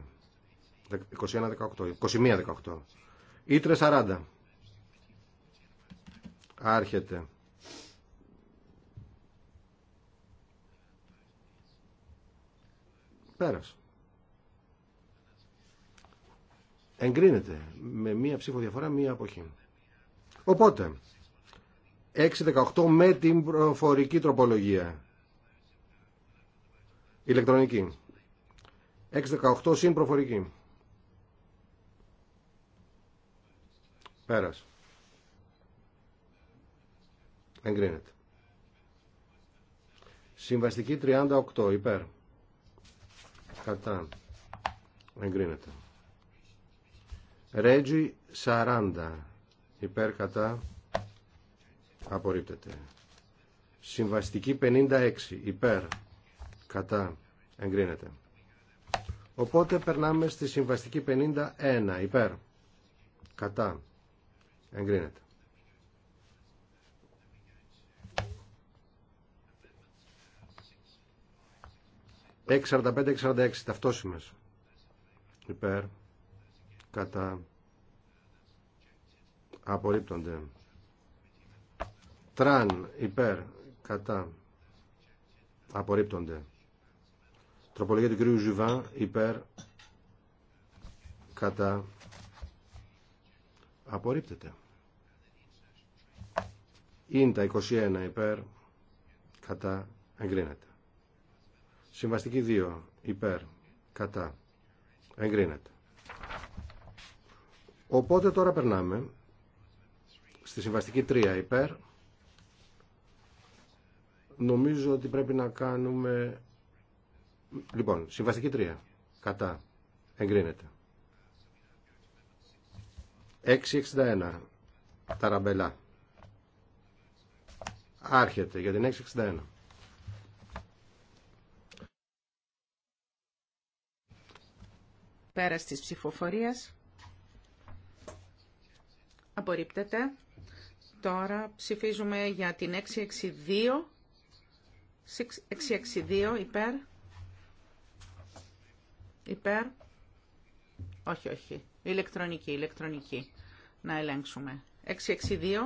21-18, 21-18 Ήτρε 40 άρχεται πέρας εγκρίνεται με μία ψήφο διαφορά μία αποχή οπότε 6-18 με την προφορική τροπολογία ηλεκτρονική 618 συν προφορική. Πέρας. Εγκρίνεται. Συμβαστική 38 υπέρ. Κατά. Εγκρίνεται. Ρέτζι 40 υπέρ κατά. Απορρίπτεται. Συμβαστική 56 υπέρ. Κατά. Εγκρίνεται. Οπότε περνάμε στη συμβαστική 51 υπέρ. Κατά. εγκρίνεται. 645-646, 45-46 ταυτόσιμες. Υπέρ. Κατά. Απορρίπτονται. Τραν. Υπέρ. Κατά. Απορρίπτονται. Τροπολογία του κυρίου Ζουβά υπέρ κατά απορρίπτεται. Ίντα 21 υπέρ κατά εγκρίνεται. Συμβαστική 2 υπέρ κατά εγκρίνεται. Οπότε τώρα περνάμε στη συμβαστική 3 υπέρ. Νομίζω ότι πρέπει να κάνουμε Λοιπόν, συμβαστική συμβαστική Κατά. Εγκρίνεται. 661. Ταραμπελά. Άρχεται για την 661. Πέρας της ψηφοφορίας. Απορρίπτεται. Τώρα ψηφίζουμε για την 662. 662 υπέρ. Υπέρ. Όχι, όχι. Ηλεκτρονική, ηλεκτρονική. Να ελέγξουμε. 662.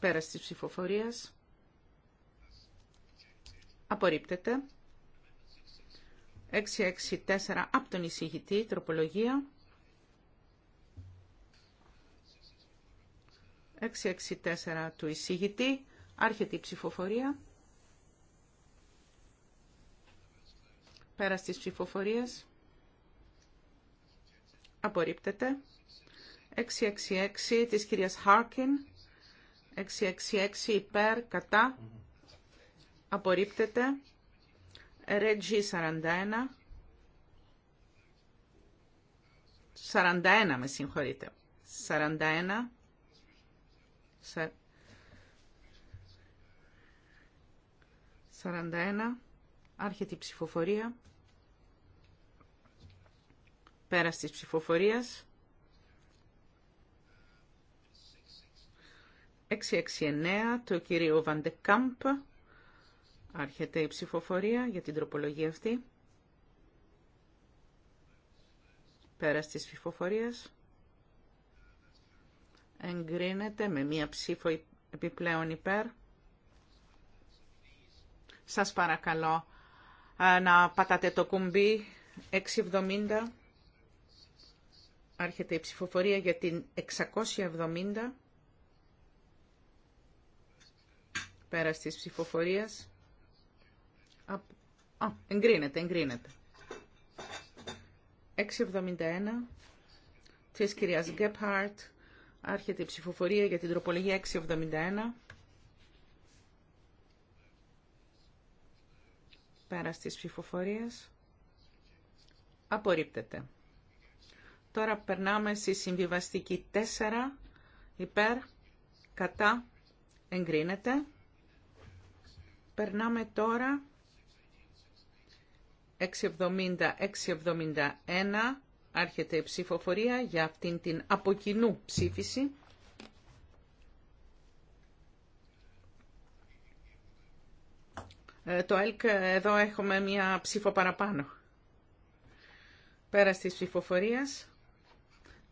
Πέρα της ψηφοφορίας. Απορρίπτεται. 664 από τον εισηγητή, τροπολογία. 664 του εισηγητή. Άρχεται η ψηφοφορία. Πέρα της ψηφοφορίας. Απορρίπτεται. 666 της κυρίας Χάρκιν. 666 υπέρ, κατά. Απορρίπτεται. Ρέτζι 41. 41 με συγχωρείτε. 41 41. Άρχεται η ψηφοφορία. Πέρας της ψηφοφορίας. 669 Το κύριο Βαντεκάμπ. Άρχεται η ψηφοφορία για την τροπολογία αυτή. Πέρας της ψηφοφορίας εγκρίνεται με μία ψήφο επιπλέον υπέρ. Σας παρακαλώ να πατάτε το κουμπί 670. Άρχεται η ψηφοφορία για την 670. Πέρας της ψηφοφορίας. Α, εγκρίνεται, εγκρίνεται. 671 της κυρίας Γκέπχαρτ Άρχεται η ψηφοφορία για την τροπολογία 671. Πέρας της ψηφοφορίας. Απορρίπτεται. Τώρα περνάμε στη συμβιβαστική 4. Υπέρ, κατά, εγκρίνεται. Περνάμε τώρα 670-671 Άρχεται η ψηφοφορία για αυτήν την αποκοινού ψήφιση. Ε, το ΕΛΚ εδώ έχουμε μία ψήφο παραπάνω. Πέρα της ψηφοφορίας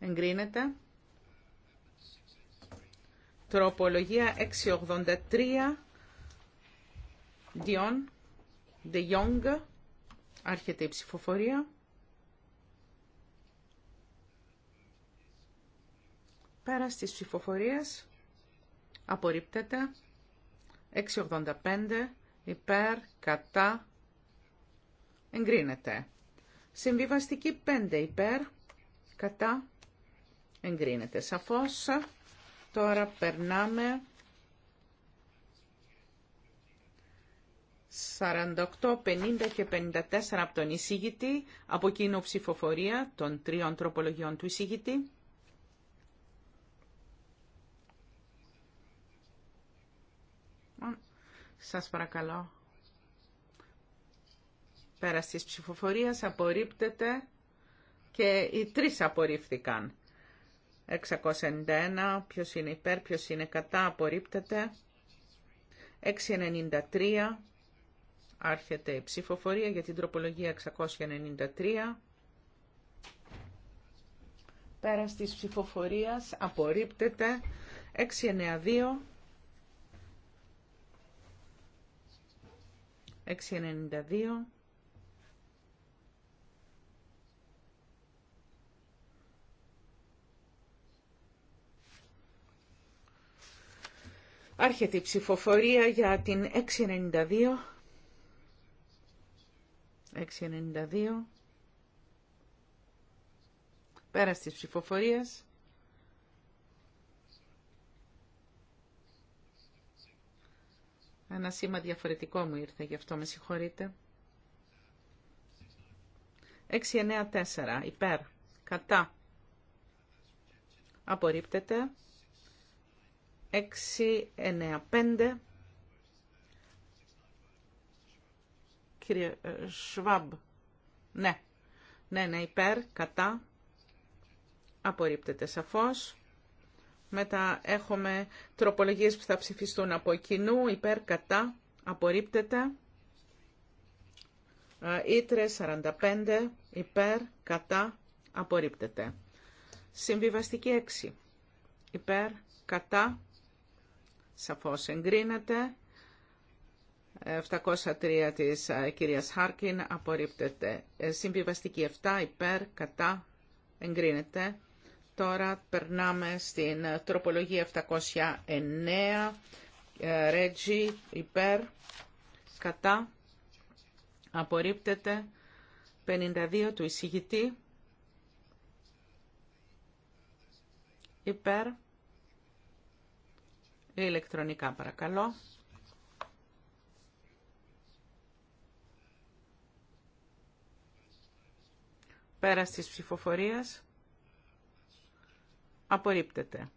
εγκρίνεται τροπολογία 683 Διόν, Δε άρχεται η ψηφοφορία. Πέρας της ψηφοφορια απορρίπτεται 685 υπέρ κατά εγκρίνεται. Συμβιβαστική 5 υπέρ κατά εγκρίνεται. Σαφώς τώρα περνάμε 48, 50 και 54 από τον εισήγητη, από κοινό ψηφοφορία των τριών τροπολογιών του εισήγητη. Σας παρακαλώ. Πέρα της ψηφοφορίας απορρίπτεται και οι τρεις απορρίφθηκαν. 691, ποιος είναι υπέρ, ποιος είναι κατά, απορρίπτεται. 693, άρχεται η ψηφοφορία για την τροπολογία 693. Πέρα της ψηφοφορίας απορρίπτεται. 692, 692 Άρχεται η ψηφοφορία για την 692 692 πέρας της ψηφοφορίας Ένα σήμα διαφορετικό μου ήρθε, γι' αυτό με συγχωρείτε. 694. Υπέρ. Κατά. Απορρίπτεται. 695. Κύριε ε, Σβάμπ. Ναι. Ναι, ναι, υπέρ. Κατά. Απορρίπτεται σαφώς. Μετά έχουμε τροπολογίες που θα ψηφιστούν από κοινού, υπέρ, κατά, απορρίπτεται. Ε, Ήτρε 45, υπέρ, κατά, απορρίπτεται. Συμβιβαστική 6, υπέρ, κατά, σαφώς εγκρίνεται. 703 της ε, κυρίας Χάρκιν απορρίπτεται. Ε, συμβιβαστική 7, υπέρ, κατά, εγκρίνεται. Τώρα περνάμε στην ε, τροπολογία 709, ε, Ρέτζι, υπέρ, κατά, απορρίπτεται, 52 του εισηγητή, υπέρ, ηλεκτρονικά παρακαλώ. Πέρα της ψηφοφορίας. Απορρίπτεται.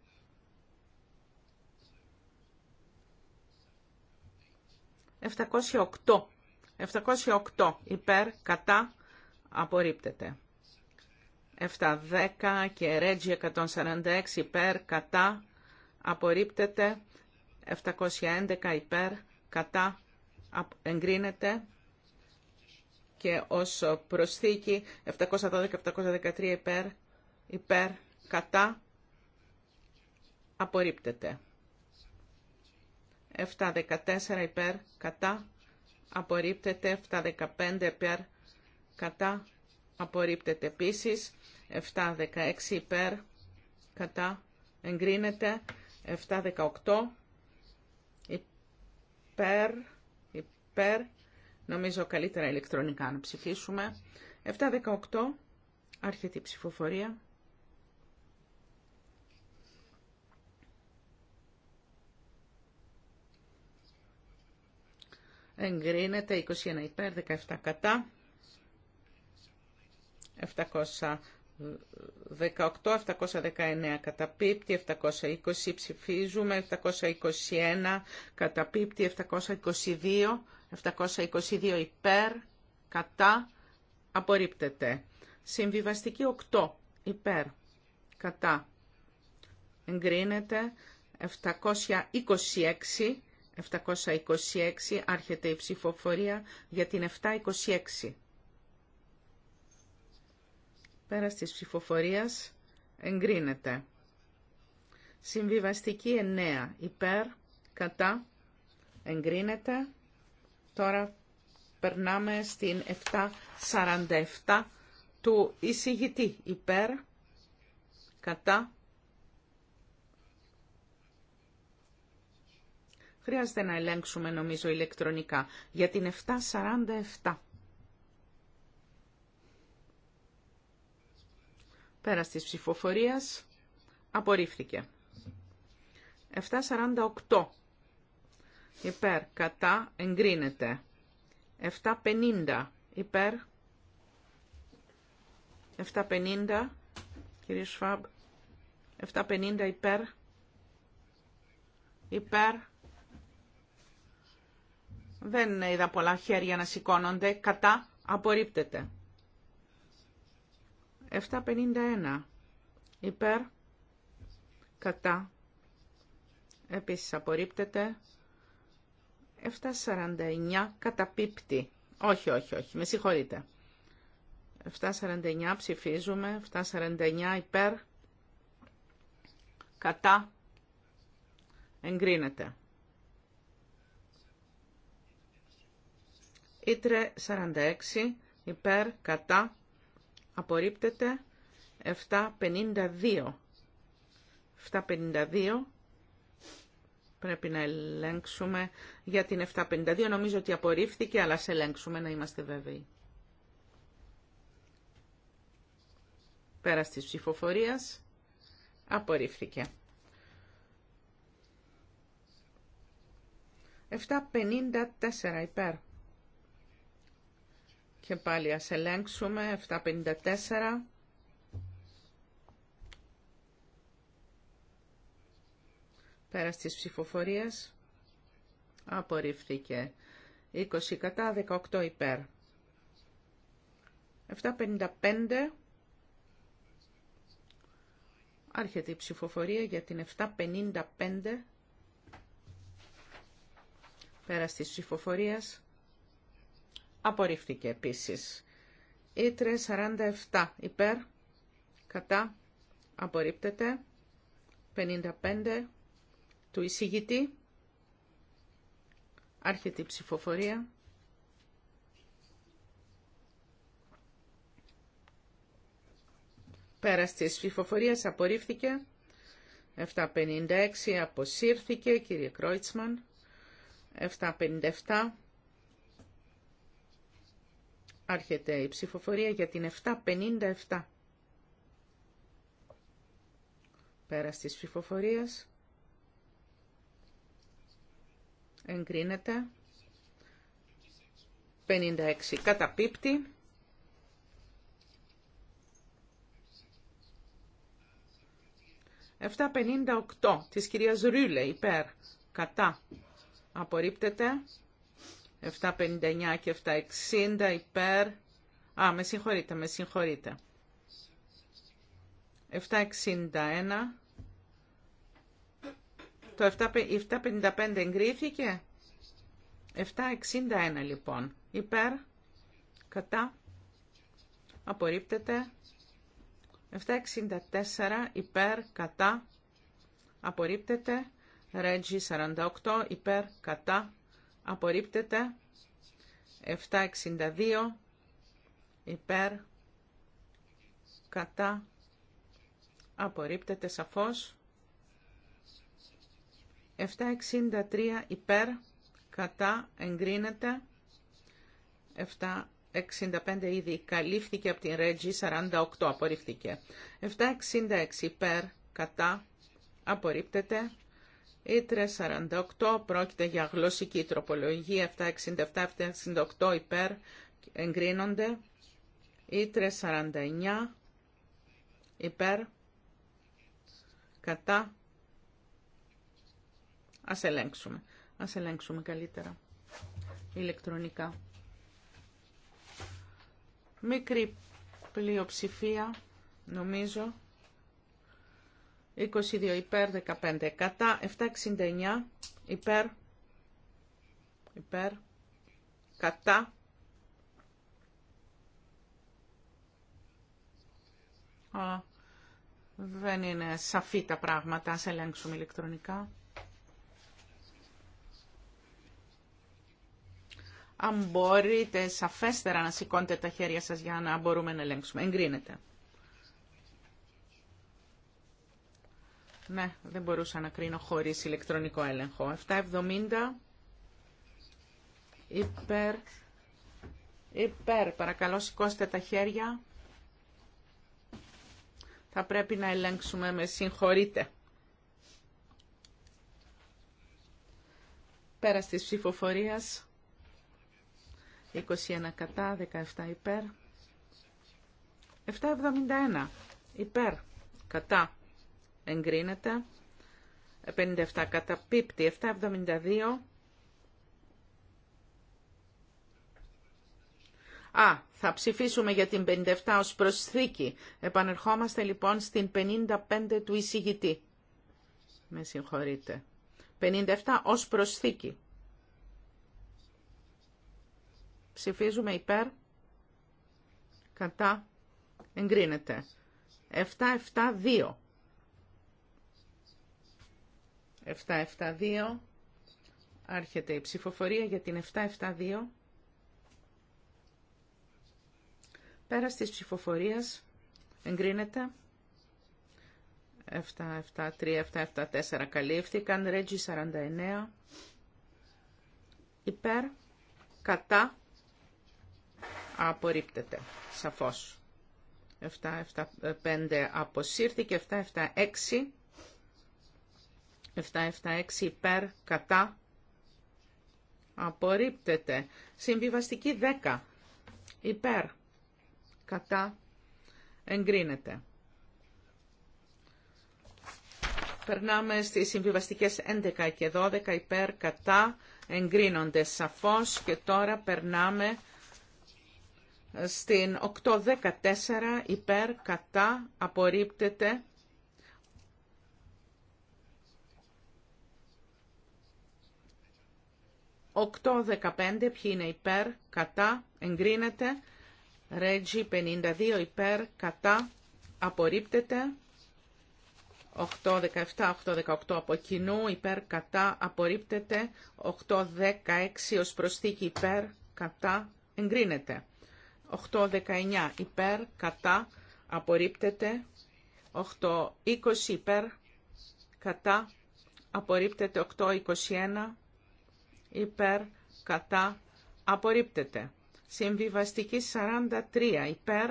708. 708 υπέρ, κατά, απορρίπτεται. 710 και Ρέτζι 146 υπέρ, κατά, απορρίπτεται. 711 υπέρ, κατά, εγκρίνεται. Και ως προσθήκη 712 713 υπέρ, υπέρ, κατά, απορρίπτεται. 7.14 υπέρ κατά απορρίπτεται. 7.15 υπέρ κατά απορρίπτεται επίση 7.16 υπέρ κατά εγκρίνεται. 7.18 υπέρ, υπέρ, νομίζω καλύτερα ηλεκτρονικά να ψηφίσουμε. 7.18 άρχεται η ψηφοφορία. εγκρίνεται 21 υπέρ, 17 κατά, 718, 719 καταπίπτει, 720 ψηφίζουμε, 721 καταπίπτει, 722, 722 υπέρ, κατά, απορρίπτεται. Συμβιβαστική 8 υπέρ, κατά, εγκρίνεται, 726 726 άρχεται η ψηφοφορία για την 726. Πέρα της ψηφοφορίας εγκρίνεται. Συμβιβαστική 9 υπέρ, κατά, εγκρίνεται. Τώρα περνάμε στην 747 του εισηγητή υπέρ, κατά, Χρειάζεται να ελέγξουμε νομίζω ηλεκτρονικά για την 747. Πέρα της ψηφοφορίας απορρίφθηκε. 748 υπέρ κατά εγκρίνεται. 750 υπέρ 750 κύριε Σφάμπ 750 υπέρ υπέρ δεν είδα πολλά χέρια να σηκώνονται. Κατά. Απορρίπτεται. 751. Υπέρ. Κατά. Επίσης απορρίπτεται. 749. Καταπίπτει. Όχι, όχι, όχι. Με συγχωρείτε. 749 ψηφίζουμε. 749 υπέρ. Κατά. Εγκρίνεται. Ήτρε 46 υπέρ κατά απορρίπτεται 752. 752 πρέπει να ελέγξουμε για την 752. Νομίζω ότι απορρίφθηκε, αλλά σε ελέγξουμε να είμαστε βέβαιοι. Πέρα της ψηφοφορίας απορρίφθηκε. 754 υπέρ. Και πάλι ας ελέγξουμε 754. Πέρας της ψηφοφορίας απορρίφθηκε 20 κατά 18 υπέρ. 755 Άρχεται η ψηφοφορία για την 755 πέρας της ψηφοφορία. Απορρίφθηκε επίσης. Ήτρε 47 υπέρ, κατά, απορρίπτεται. 55 του εισηγητή. Άρχεται η ψηφοφορία. Πέρα της ψηφοφορίας απορρίφθηκε. 756 αποσύρθηκε, κύριε Κρόιτσμαν. 757 Άρχεται η ψηφοφορία για την 757. Πέρας της ψηφοφορίας. Εγκρίνεται. 56 καταπίπτει. 758 της κυρίας Ρούλε υπέρ κατά απορρίπτεται 759 και 760 υπέρ. Α, με συγχωρείτε, με συγχωρείτε. 761. Το 755 εγκρίθηκε. 761 λοιπόν. Υπέρ. Κατά. Απορρίπτεται. 764 υπέρ. Κατά. Απορρίπτεται. Reggie, 48 υπέρ. Κατά απορρίπτεται 762 υπέρ κατά απορρίπτεται σαφώς 763 υπέρ κατά εγκρίνεται 765 ήδη καλύφθηκε από την Ρέτζη 48 απορρίφθηκε 766 υπέρ κατά απορρίπτεται Ήτρε 48, πρόκειται για γλωσσική τροπολογία, 767, 768 υπέρ, εγκρίνονται. Ήτρε 49, υπέρ, κατά. Ας ελέγξουμε. Ας ελέγξουμε καλύτερα. Ηλεκτρονικά. Μικρή πλειοψηφία, νομίζω. 22 υπέρ, 15 κατά, 769 υπέρ, υπέρ, κατά. δεν είναι σαφή τα πράγματα, ας ελέγξουμε ηλεκτρονικά. Αν μπορείτε σαφέστερα να σηκώνετε τα χέρια σας για να μπορούμε να ελέγξουμε. Εγκρίνεται. Ναι, δεν μπορούσα να κρίνω χωρίς ηλεκτρονικό έλεγχο. 770 υπέρ, υπέρ, παρακαλώ σηκώστε τα χέρια. Θα πρέπει να ελέγξουμε, με συγχωρείτε. Πέρα της ψηφοφορίας, 21 κατά, 17 υπέρ, 771 υπέρ, κατά εγκρίνεται. 57 καταπίπτει. 772. Α, θα ψηφίσουμε για την 57 ως προσθήκη. Επανερχόμαστε λοιπόν στην 55 του εισηγητή. Με συγχωρείτε. 57 ως προσθήκη. Ψηφίζουμε υπέρ. Κατά. Εγκρίνεται. 7-7-2. 772. Άρχεται η ψηφοφορία για την 772. Πέρας της ψηφοφορίας εγκρίνεται. 773, 774 καλύφθηκαν. Ρέτζι 49. Υπέρ, κατά, απορρίπτεται, σαφώς. 775 αποσύρθηκε, 776 776 υπέρ κατά απορρίπτεται. Συμβιβαστική 10 υπέρ κατά εγκρίνεται. Περνάμε στις συμβιβαστικές 11 και 12 υπέρ κατά εγκρίνονται σαφώς και τώρα περνάμε στην 814 υπέρ κατά απορρίπτεται 8-15 ποιοι είναι υπέρ, κατά, εγκρίνεται. Ρέτζι 52 υπέρ, κατά, απορρίπτεται. 8-17, 8-18 από κοινού, υπέρ, κατά, απορρίπτεται. 8-16 ως προσθήκη υπέρ, κατά, εγκρίνεται. 8-19 υπέρ, κατά, απορρίπτεται. 8-20 υπέρ, κατά, απορρίπτεται. 8-21 υπέρ, κατά, απορρίπτεται. Συμβιβαστική 43 υπέρ,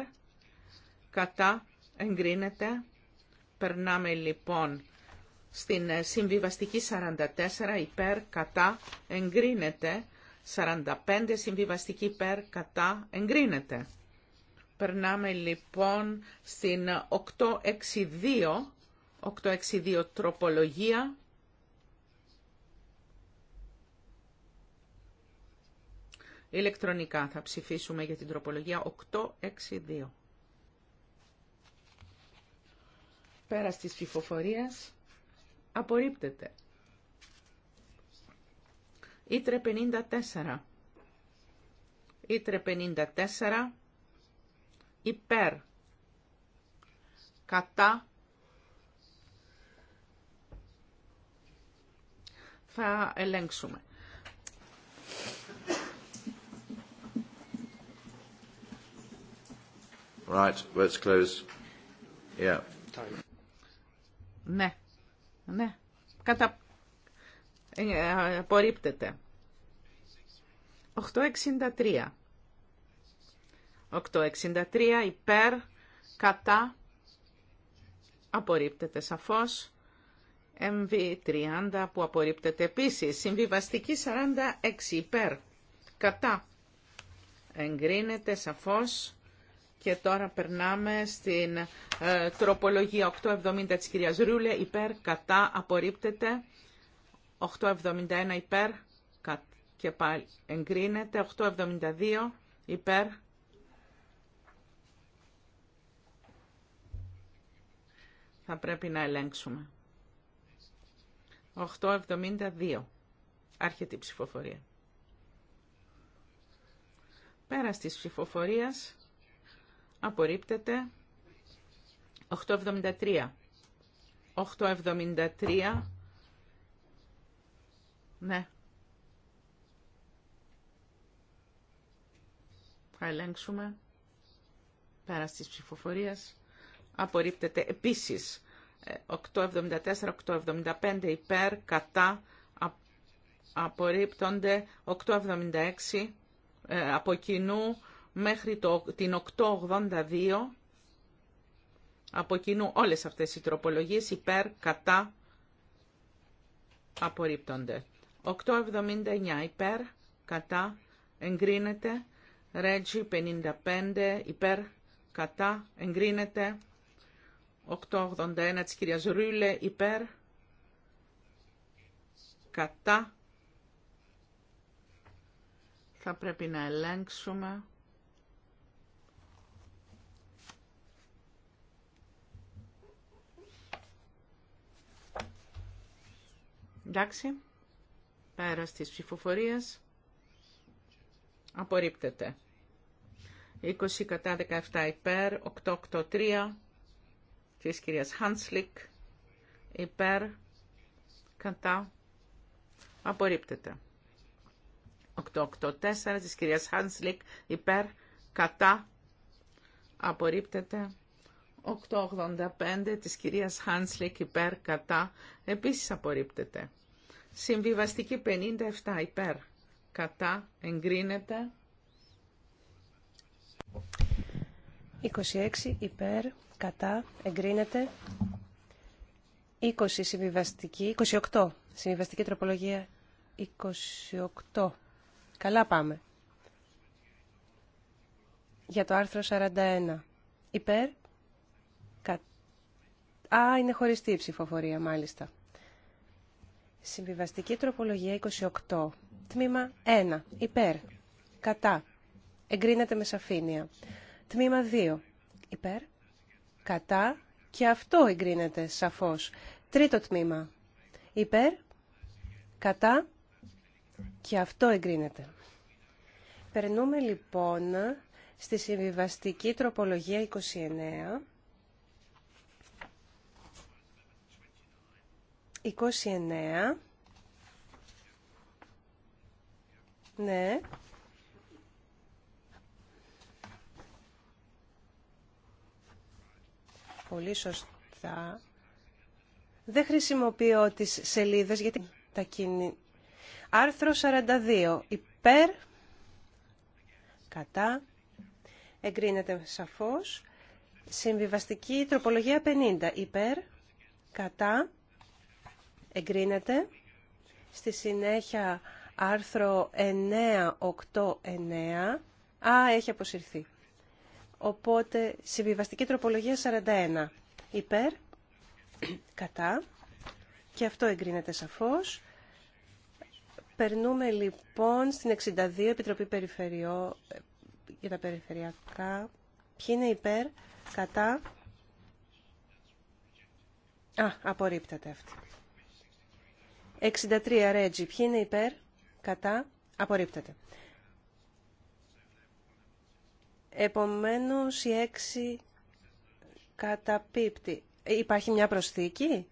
κατά, εγκρίνεται. Περνάμε λοιπόν στην ε, συμβιβαστική 44 υπέρ, κατά, εγκρίνεται. 45 συμβιβαστική υπέρ, κατά, εγκρίνεται. Περνάμε λοιπόν στην 862, 862 τροπολογία Ηλεκτρονικά θα ψηφίσουμε για την τροπολογία 862. Πέρα της ψηφοφορίας απορρίπτεται. Ήτρε 54. Ήτρε 54. Υπέρ. Κατά. Θα ελέγξουμε. Right, Yeah. Ναι, ναι. Κατα... Ε, απορρίπτεται. 863. 863 υπέρ, κατά, απορρίπτεται σαφώς. MV30 που απορρίπτεται επίσης. Συμβιβαστική 46 υπέρ, κατά, εγκρίνεται σαφώς. Και τώρα περνάμε στην ε, τροπολογία 870 της κυρίας Ρούλε, υπέρ, κατά, απορρίπτεται. 871 υπέρ, και πάλι εγκρίνεται. 872 υπέρ. Θα πρέπει να ελέγξουμε. 872. Άρχεται η ψηφοφορία. Πέρας της ψηφοφορίας απορρίπτεται 873. 873. Ναι. Θα ελέγξουμε. Πέρα της ψηφοφορίας. Απορρίπτεται επίσης 874, ε, 875 υπέρ, κατά, απορρίπτονται 876 ε, από κοινού μέχρι το, την 882 από κοινού όλες αυτές οι τροπολογίες υπέρ, κατά, απορρίπτονται. 879 υπέρ, κατά, εγκρίνεται. Ρέτζι 55 υπέρ, κατά, εγκρίνεται. 881 της κυρίας Ρούλε υπέρ, κατά. Θα πρέπει να ελέγξουμε. Εντάξει. πέρα στις ψηφοφορια Απορρίπτεται. 20 κατά 17 υπέρ, 883 της κυρίας Χάνσλικ, υπέρ, κατά, απορρίπτεται. 884 της κυρίας Χάνσλικ, υπέρ, κατά, απορρίπτεται. 885 της κυρίας Χάνσλικ υπέρ κατά επίσης απορρίπτεται. Συμβιβαστική 57 υπέρ κατά εγκρίνεται. 26 υπέρ κατά εγκρίνεται. 20 συμβιβαστική, 28 συμβιβαστική τροπολογία 28. Καλά πάμε. Για το άρθρο 41. Υπέρ, Α, είναι χωριστή η ψηφοφορία, μάλιστα. Συμβιβαστική τροπολογία 28. Τμήμα 1. Υπέρ. Κατά. Εγκρίνεται με σαφήνεια. Τμήμα 2. Υπέρ. Κατά. Και αυτό εγκρίνεται σαφώς. Τρίτο τμήμα. Υπέρ. Κατά. Και αυτό εγκρίνεται. Περνούμε λοιπόν στη συμβιβαστική τροπολογία 29 29. Ναι. Πολύ σωστά. Δεν χρησιμοποιώ τις σελίδες γιατί τα κινη... Άρθρο 42. Υπέρ, κατά, εγκρίνεται σαφώς. Συμβιβαστική τροπολογία 50. Υπέρ, κατά, εγκρίνεται. Στη συνέχεια άρθρο 989. Α, έχει αποσυρθεί. Οπότε συμβιβαστική τροπολογία 41. Υπέρ, κατά. Και αυτό εγκρίνεται σαφώς. Περνούμε λοιπόν στην 62 Επιτροπή Περιφερειό για τα περιφερειακά. Ποιοι είναι υπέρ, κατά. Α, απορρίπτεται αυτή. 63 Ρέτζι. Ποιοι είναι υπέρ, κατά, απορρίπτεται. Επομένως η 6 καταπίπτει. Υπάρχει μια προσθήκη.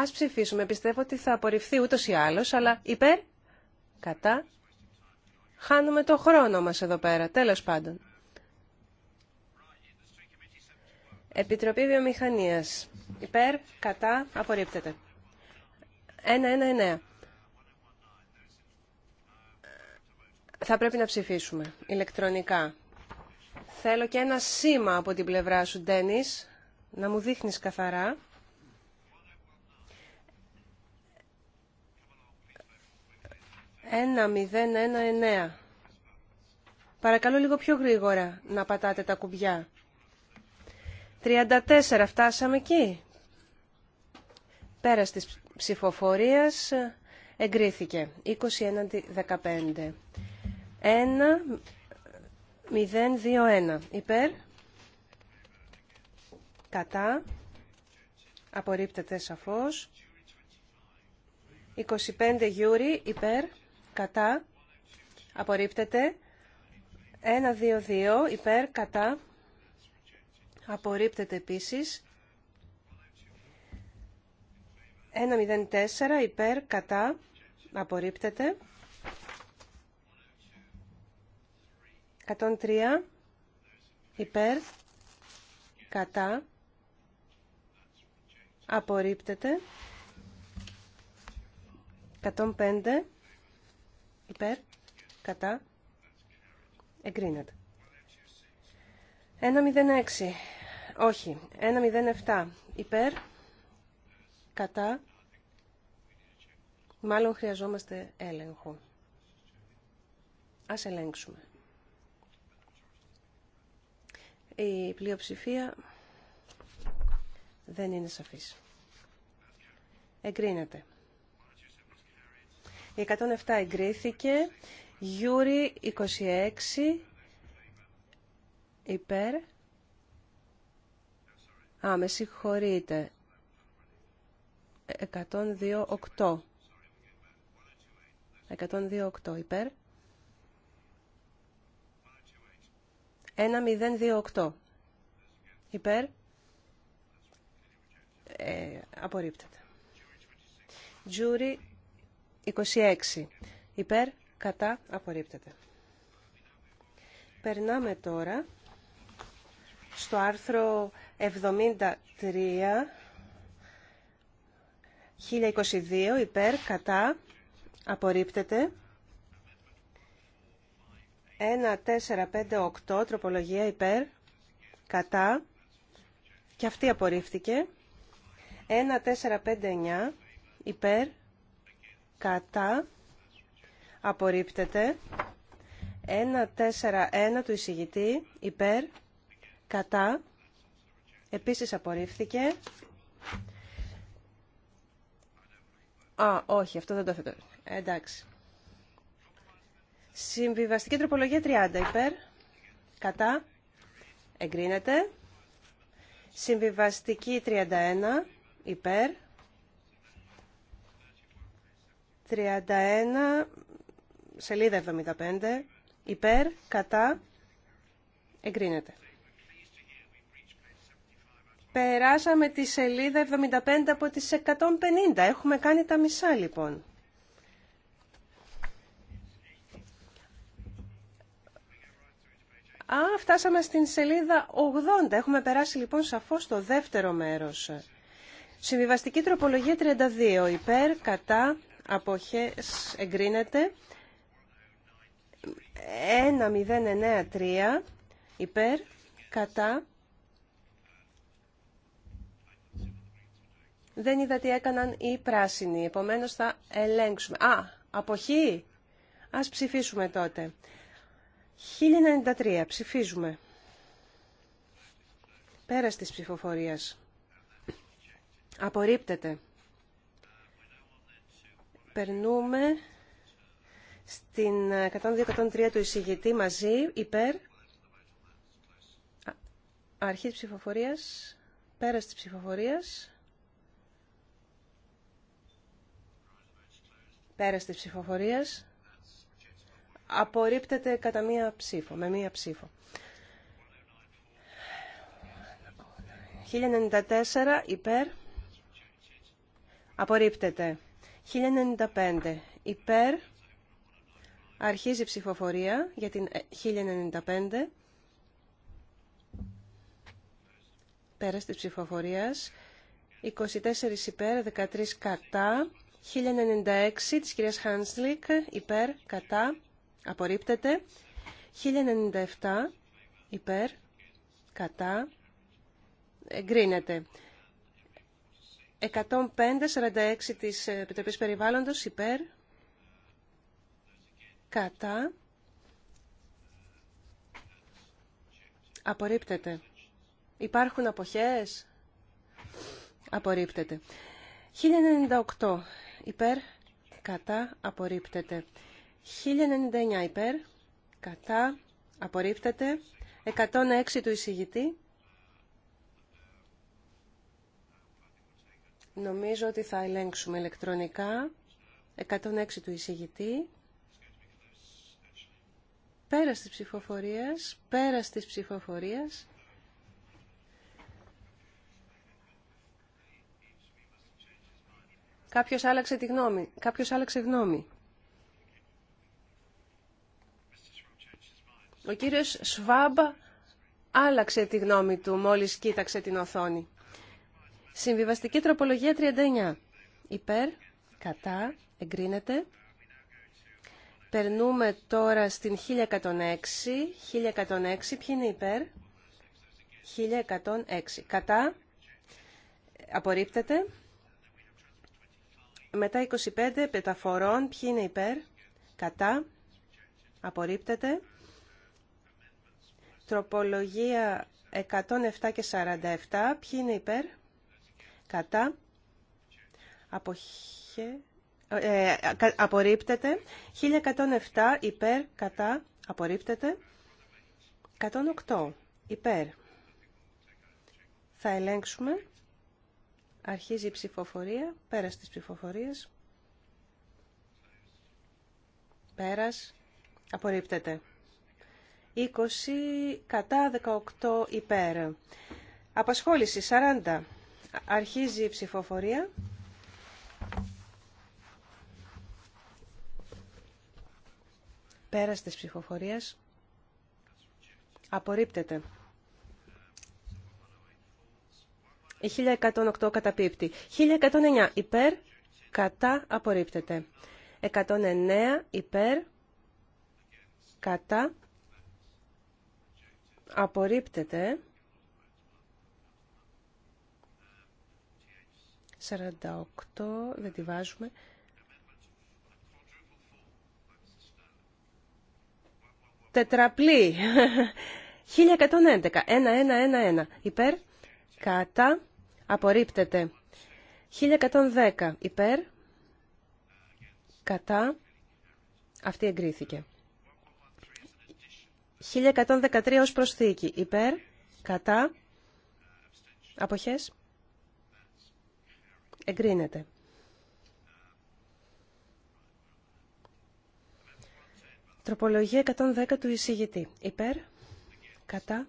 Ας ψηφίσουμε. Πιστεύω ότι θα απορριφθεί ούτως ή άλλως, αλλά υπέρ, κατά, χάνουμε το χρόνο μας εδώ πέρα, τέλος πάντων. Επιτροπή Βιομηχανίας. Υπέρ, κατά, απορρίπτεται. 1-1-9. Θα πρέπει να ψηφίσουμε ηλεκτρονικά. Θέλω και ένα σήμα από την πλευρά σου, Ντένις, να μου δείχνεις καθαρά. 1, 1, 0, 9. Παρακαλώ λίγο πιο γρήγορα να πατάτε τα κουμπιά. 34 φτάσαμε εκεί. Πέρας της ψηφοφορίας εγκρίθηκε. 21, 15. 1-0-2-1. Υπέρ. Κατά. Απορρίπτεται σαφώς. 25 γιούρι υπέρ κατά, απορρίπτεται. 1-2-2 υπέρ, κατά, απορρίπτεται επίσης. 1-0-4 υπέρ, κατά, απορρίπτεται. 103 υπέρ, κατά, απορρίπτεται. 105 Υπέρ. Κατά. Εγκρίνεται. 1.06. Όχι. 1.07. Υπέρ. Κατά. Μάλλον χρειαζόμαστε έλεγχο. Ας ελέγξουμε. Η πλειοψηφία δεν είναι σαφής. Εγκρίνεται. Η 107 εγκρίθηκε. Γιούρι 26 υπέρ. Α, με συγχωρείτε. 102.8. 102.8 υπέρ. 1.028 υπέρ. Ε, απορρίπτεται. Τζούρι 26. Υπέρ, κατά, απορρίπτεται. Περνάμε τώρα στο άρθρο 73, 1022, υπέρ, κατά, απορρίπτεται. 1458, τροπολογία υπέρ, κατά, και αυτή απορρίφθηκε. 1459, υπέρ, κατά, απορρίπτεται. 1-4-1 του εισηγητή, υπέρ, κατά, επίσης απορρίφθηκε. Α, όχι, αυτό δεν το έφερε. Εντάξει. Συμβιβαστική τροπολογία 30 υπέρ, κατά, εγκρίνεται. Συμβιβαστική 31 υπέρ, 31, σελίδα 75, υπέρ, κατά, εγκρίνεται. Περάσαμε τη σελίδα 75 από τις 150. Έχουμε κάνει τα μισά λοιπόν. Α, φτάσαμε στην σελίδα 80. Έχουμε περάσει λοιπόν σαφώς το δεύτερο μέρος. Συμβιβαστική τροπολογία 32. Υπέρ, κατά, αποχές εγκρίνεται 1093 υπέρ κατά Δεν είδα τι έκαναν οι πράσινοι, επομένως θα ελέγξουμε. Α, αποχή! Ας ψηφίσουμε τότε. 1093, ψηφίζουμε. Πέρας της ψηφοφορίας. Απορρίπτεται περνούμε στην 102-103 ε, του εισηγητή μαζί, υπέρ. Αρχή της ψηφοφορίας, πέρας της ψηφοφορίας. Πέρας της ψηφοφορίας. Απορρίπτεται κατά μία ψήφο, με μία ψήφο. 1094 υπέρ. Απορρίπτεται. 1095. Υπέρ. Αρχίζει η ψηφοφορία για την 1095. Ε, Πέρας της ψηφοφορίας. 24 υπέρ, 13 κατά. 1096 της κυρίας Χάνσλικ. Υπέρ, κατά. Απορρίπτεται. 1097 υπέρ, κατά. Εγκρίνεται. 105-46 της Επιτροπής Περιβάλλοντος υπέρ κατά απορρίπτεται. Υπάρχουν αποχές. Απορρίπτεται. 1098 υπέρ κατά απορρίπτεται. 1099 υπέρ κατά απορρίπτεται. 106 του εισηγητή Νομίζω ότι θα ελέγξουμε ηλεκτρονικά. 106 του εισηγητή. Πέρα της ψηφοφορίας. Πέρα της ψηφοφορίας. Κάποιος άλλαξε τη γνώμη. Κάποιος άλλαξε γνώμη. Ο κύριος Σβάμπ άλλαξε τη γνώμη του μόλις κοίταξε την οθόνη. Συμβιβαστική τροπολογία 39. Υπέρ, κατά, εγκρίνεται. Περνούμε τώρα στην 1106. 1106, ποιοι είναι υπέρ. 1106. Κατά, απορρίπτεται. Μετά 25 πεταφορών, ποιοι είναι υπέρ. Κατά, απορρίπτεται. Τροπολογία 107 και 47, ποιοι είναι υπέρ κατά, αποχέ, ε, απορρίπτεται, 1107 υπέρ, κατά, απορρίπτεται, 108 υπέρ. Θα ελέγξουμε. Αρχίζει η ψηφοφορία, πέρας της ψηφοφορίας. Πέρας, απορρίπτεται. 20 κατά 18 υπέρ. Απασχόληση 40 Αρχίζει η ψηφοφορία. Πέρας της ψηφοφορίας. Απορρίπτεται. Η 1108 καταπίπτει. 1109 υπέρ, κατά, απορρίπτεται. 109 υπέρ, κατά, απορρίπτεται. 48 δεν τη βάζουμε. Τετραπλή. 1111. 1-1-1-1. Υπέρ. Κατά. Απορρίπτεται. 1110. Υπέρ. Κατά. Αυτή εγκρίθηκε. 1113 ως προσθήκη. Υπέρ. Κατά. Αποχές εγκρίνεται. Τροπολογία 110 του εισηγητή. Υπέρ, κατά,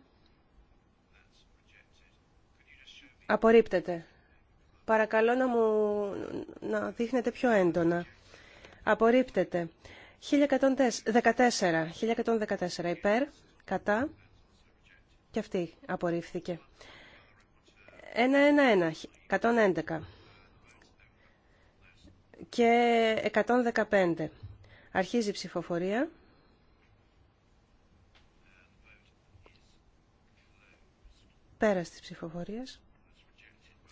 απορρίπτεται. Παρακαλώ να μου να δείχνετε πιο έντονα. Απορρίπτεται. 1114, 1114 υπέρ, κατά, και αυτη απορριφθηκε 111. 1-1-1, 111 και 115. Αρχίζει η ψηφοφορία. πέρασε τη ψηφοφορίας.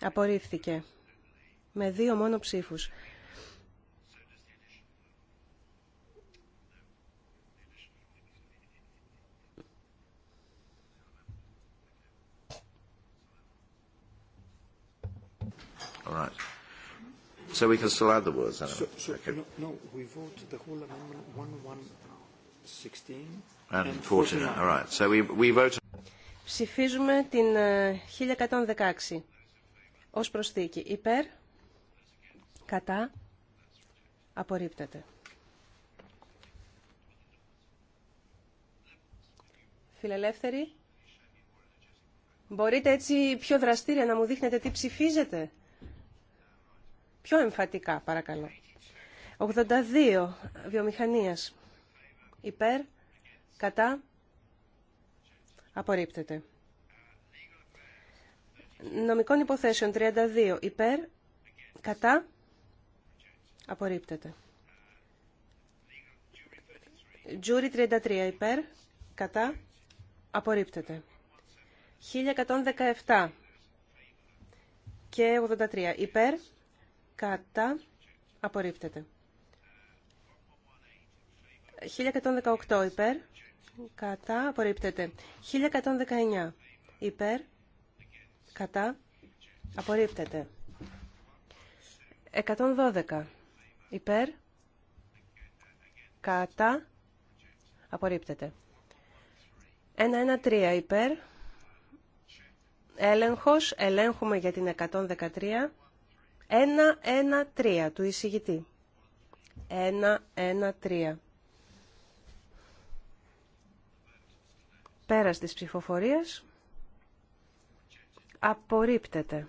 Απορρίφθηκε. Με δύο μόνο ψήφους. All right. So we can still add the words. So, so no, no, we vote the whole amendment 1116 and 14. All right. So we, we vote. Ψηφίζουμε την 1116 ε, ως προσθήκη. Υπέρ, κατά, απορρίπτεται. Φιλελεύθεροι, μπορείτε έτσι πιο δραστήρια να μου δείχνετε τι ψηφίζετε. Πιο εμφατικά, παρακαλώ. 82. Βιομηχανίας. Υπέρ. Κατά. Απορρίπτεται. Νομικών υποθέσεων 32. Υπέρ. Κατά. Απορρίπτεται. Τζούρι 33. Υπέρ. Κατά. Απορρίπτεται. 1117 και 83. Υπέρ κατά απορρίπτεται. 1118 υπέρ, κατά απορρίπτεται. 1119 υπέρ, κατά απορρίπτεται. 112 υπέρ, κατά απορρίπτεται. 113 υπέρ, έλεγχος, ελέγχουμε για την 113 1-1-3 του εισηγητή. 1-1-3. Πέρας της ψηφοφορίας απορρίπτεται.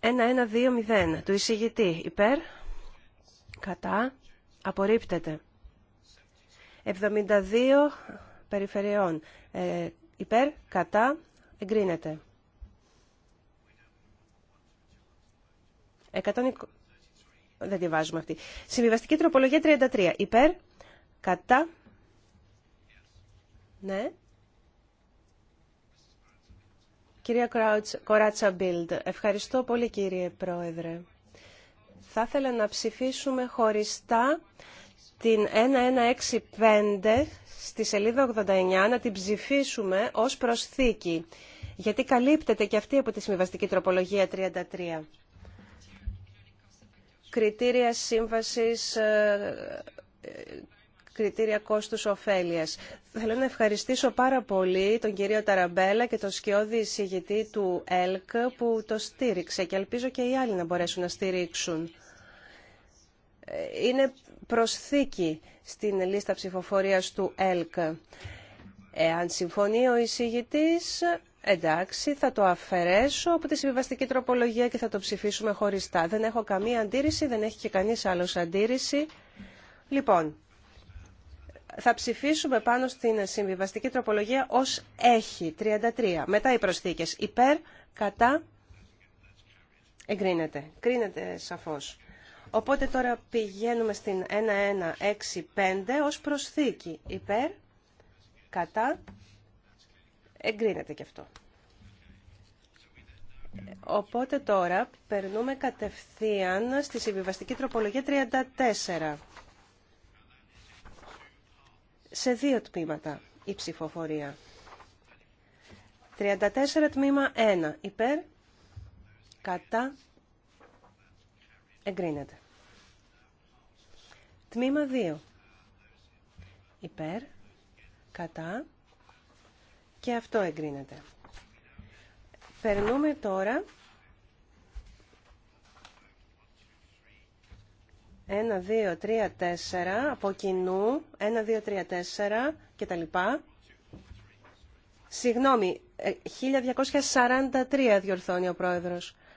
1-1-2-0 του εισηγητή υπέρ, κατά, απορρίπτεται. 72 περιφερειών ε, υπέρ, κατά, εγκρίνεται. 120... Δεν τη βάζουμε αυτή. Συμβιβαστική τροπολογία 33. Υπέρ, κατά, ναι. Κυρία Κοράτσα Μπίλντ, ευχαριστώ πολύ κύριε Πρόεδρε. Θα ήθελα να ψηφίσουμε χωριστά την 1165 στη σελίδα 89 να την ψηφίσουμε ως προσθήκη, γιατί καλύπτεται και αυτή από τη συμβιβαστική τροπολογία 33. Κριτήρια σύμβασης, ε, ε, κριτήρια κόστους ωφέλειας. Θέλω να ευχαριστήσω πάρα πολύ τον κύριο Ταραμπέλα και τον σκιώδη εισηγητή του ΕΛΚ που το στήριξε και ελπίζω και οι άλλοι να μπορέσουν να στηρίξουν. Ε, είναι προσθήκη στην λίστα ψηφοφορίας του ΕΛΚ. Εάν συμφωνεί ο εισηγητής, εντάξει, θα το αφαιρέσω από τη συμβιβαστική τροπολογία και θα το ψηφίσουμε χωριστά. Δεν έχω καμία αντίρρηση, δεν έχει και κανείς άλλος αντίρρηση. Λοιπόν, θα ψηφίσουμε πάνω στην συμβιβαστική τροπολογία ως έχει, 33. Μετά οι προσθήκες υπέρ, κατά, εγκρίνεται. Κρίνεται σαφώς. Οπότε τώρα πηγαίνουμε στην 1165 ως προσθήκη. Υπέρ, κατά, εγκρίνεται και αυτό. Οπότε τώρα περνούμε κατευθείαν στη συμβιβαστική τροπολογία 34. Σε δύο τμήματα η ψηφοφορία. 34 τμήμα 1. Υπέρ, κατά, Εγκρίνεται. Τμήμα 2. Υπέρ, κατά και αυτό εγκρίνεται. Περνούμε τώρα 1, 2, 3, 4 από κοινού 1, 2, 3, 4 και τα Συγγνώμη, 1243 ε, διορθώνει ο πρόεδρος.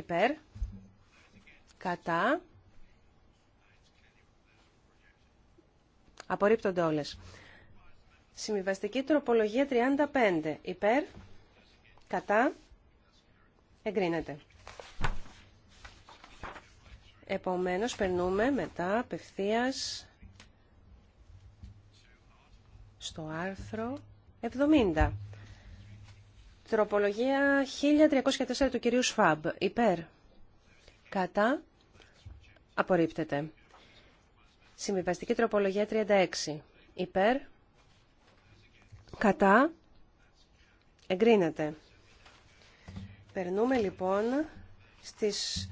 υπέρ, κατά, απορρίπτονται όλες. Συμβιβαστική τροπολογία 35, υπέρ, κατά, εγκρίνεται. Επομένως, περνούμε μετά απευθείας στο άρθρο 70. Τροπολογία 1304 του κυρίου Σφάμπ. Υπέρ. Κατά. Απορρίπτεται. Συμβιβαστική τροπολογία 36. Υπέρ. Κατά. Εγκρίνεται. Περνούμε λοιπόν στις...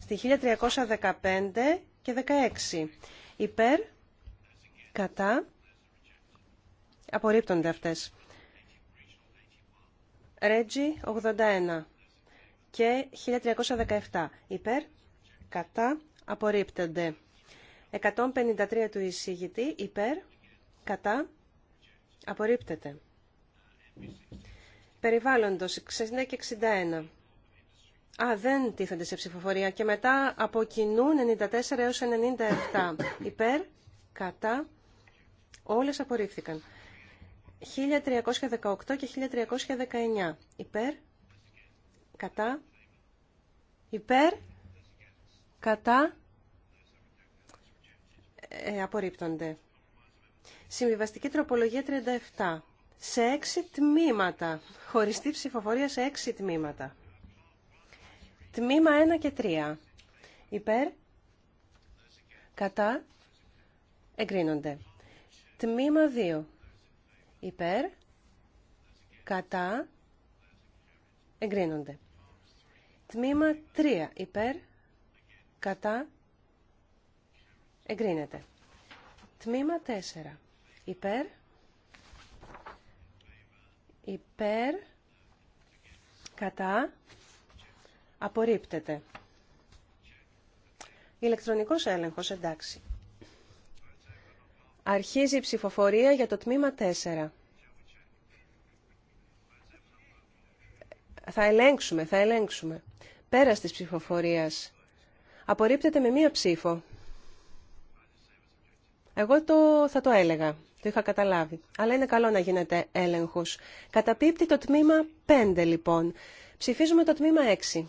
στη 1315 και 16. Υπέρ. Κατά. Απορρίπτονται αυτές. Ρέτζι 81 και 1317 υπέρ, κατά, απορρίπτονται. 153 του εισηγητή υπέρ, κατά, απορρίπτεται. Περιβάλλοντος 69 και 61. Α, δεν τίθενται σε ψηφοφορία. Και μετά από κοινού 94 έως 97. Υπέρ, κατά, όλες απορρίφθηκαν. 1318 και 1319. Υπέρ, κατά, υπέρ, κατά, ε, απορρίπτονται. Συμβιβαστική τροπολογία 37. Σε έξι τμήματα. Χωριστή ψηφοφορία σε έξι τμήματα. Τμήμα 1 και 3. Υπέρ, κατά, εγκρίνονται. Τμήμα 2 υπέρ, κατά, εγκρίνονται. Τμήμα 3 υπέρ, κατά, εγκρίνεται. Τμήμα 4 υπέρ, υπέρ, κατά, απορρίπτεται. Ηλεκτρονικός έλεγχος, εντάξει. Αρχίζει η ψηφοφορία για το τμήμα 4. Θα ελέγξουμε, θα ελέγξουμε. Πέρας της ψηφοφορίας. Απορρίπτεται με μία ψήφο. Εγώ το, θα το έλεγα, το είχα καταλάβει. Αλλά είναι καλό να γίνεται έλεγχος. Καταπίπτει το τμήμα 5 λοιπόν. Ψηφίζουμε το τμήμα 6.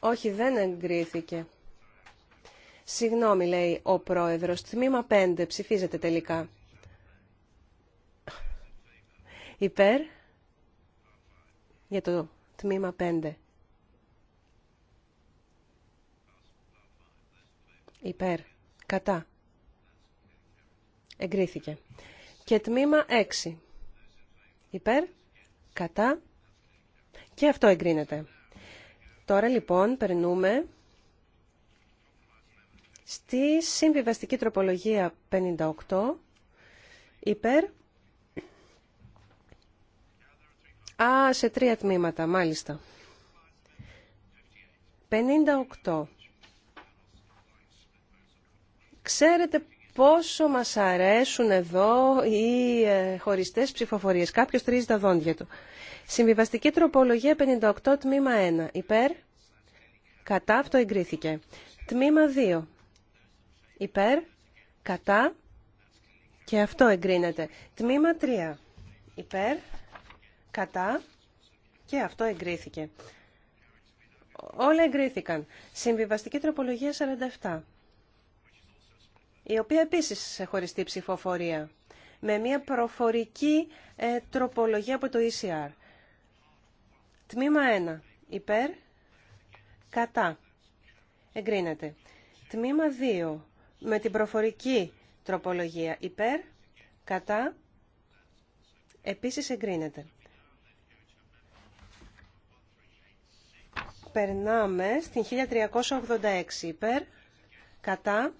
Όχι, δεν εγκρίθηκε. Συγγνώμη, λέει ο πρόεδρος. Τμήμα 5 ψηφίζεται τελικά. Υπέρ για το τμήμα 5. Υπέρ. Κατά. Εγκρίθηκε. Και τμήμα 6. Υπέρ. Κατά. Και αυτό εγκρίνεται. Τώρα λοιπόν περνούμε στη συμβιβαστική τροπολογία 58 υπέρ Α, σε τρία τμήματα, μάλιστα. 58. Ξέρετε πόσο μας αρέσουν εδώ οι ε, χωριστές ψηφοφορίες. Κάποιος τρίζει τα δόντια του. Συμβιβαστική τροπολογία 58 τμήμα 1. Υπέρ. Κατά αυτό εγκρίθηκε. Τμήμα 2. Υπέρ. Κατά. Και αυτό εγκρίνεται. Τμήμα 3. Υπέρ. Κατά. Και αυτό εγκρίθηκε. Όλα εγκρίθηκαν. Συμβιβαστική τροπολογία 47 η οποία επίσης χωριστεί ψηφοφορία, με μια προφορική ε, τροπολογία από το ECR. Τμήμα 1. Υπέρ. Κατά. Εγκρίνεται. Τμήμα 2. Με την προφορική τροπολογία. Υπέρ. Κατά. Επίσης εγκρίνεται. Περνάμε στην 1386. Υπέρ. Κατά.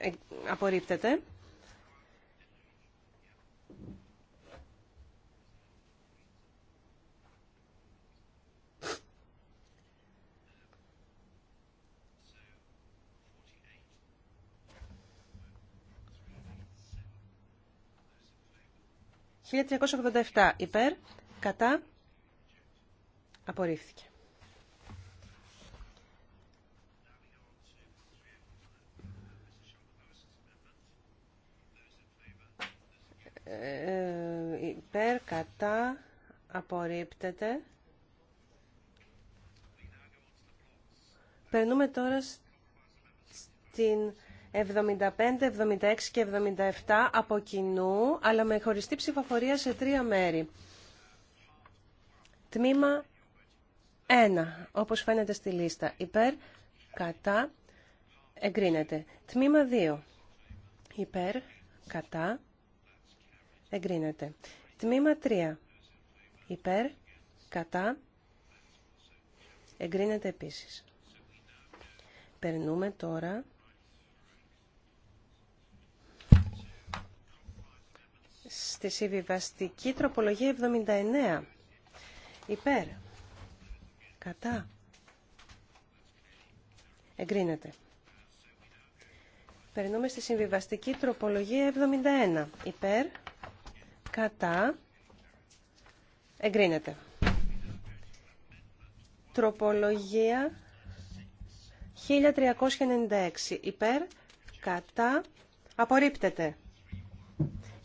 Ε, απορρίπτεται. Χίλια υπέρ, κατά, απορρίφθηκε. Ε, υπέρ, κατά, απορρίπτεται. Περνούμε τώρα στην 75, 76 και 77 από κοινού, αλλά με χωριστή ψηφοφορία σε τρία μέρη. Τμήμα 1, όπως φαίνεται στη λίστα. Υπέρ, κατά, εγκρίνεται. Τμήμα 2, υπέρ, κατά, Εγκρίνεται. Τμήμα 3. Υπέρ, κατά, εγκρίνεται επίσης. Περνούμε τώρα στη συμβιβαστική τροπολογία 79. Υπέρ, κατά, εγκρίνεται. Περνούμε στη συμβιβαστική τροπολογία 71. Υπέρ, κατά, εγκρίνεται. Τροπολογία 1396 υπέρ, κατά, απορρίπτεται.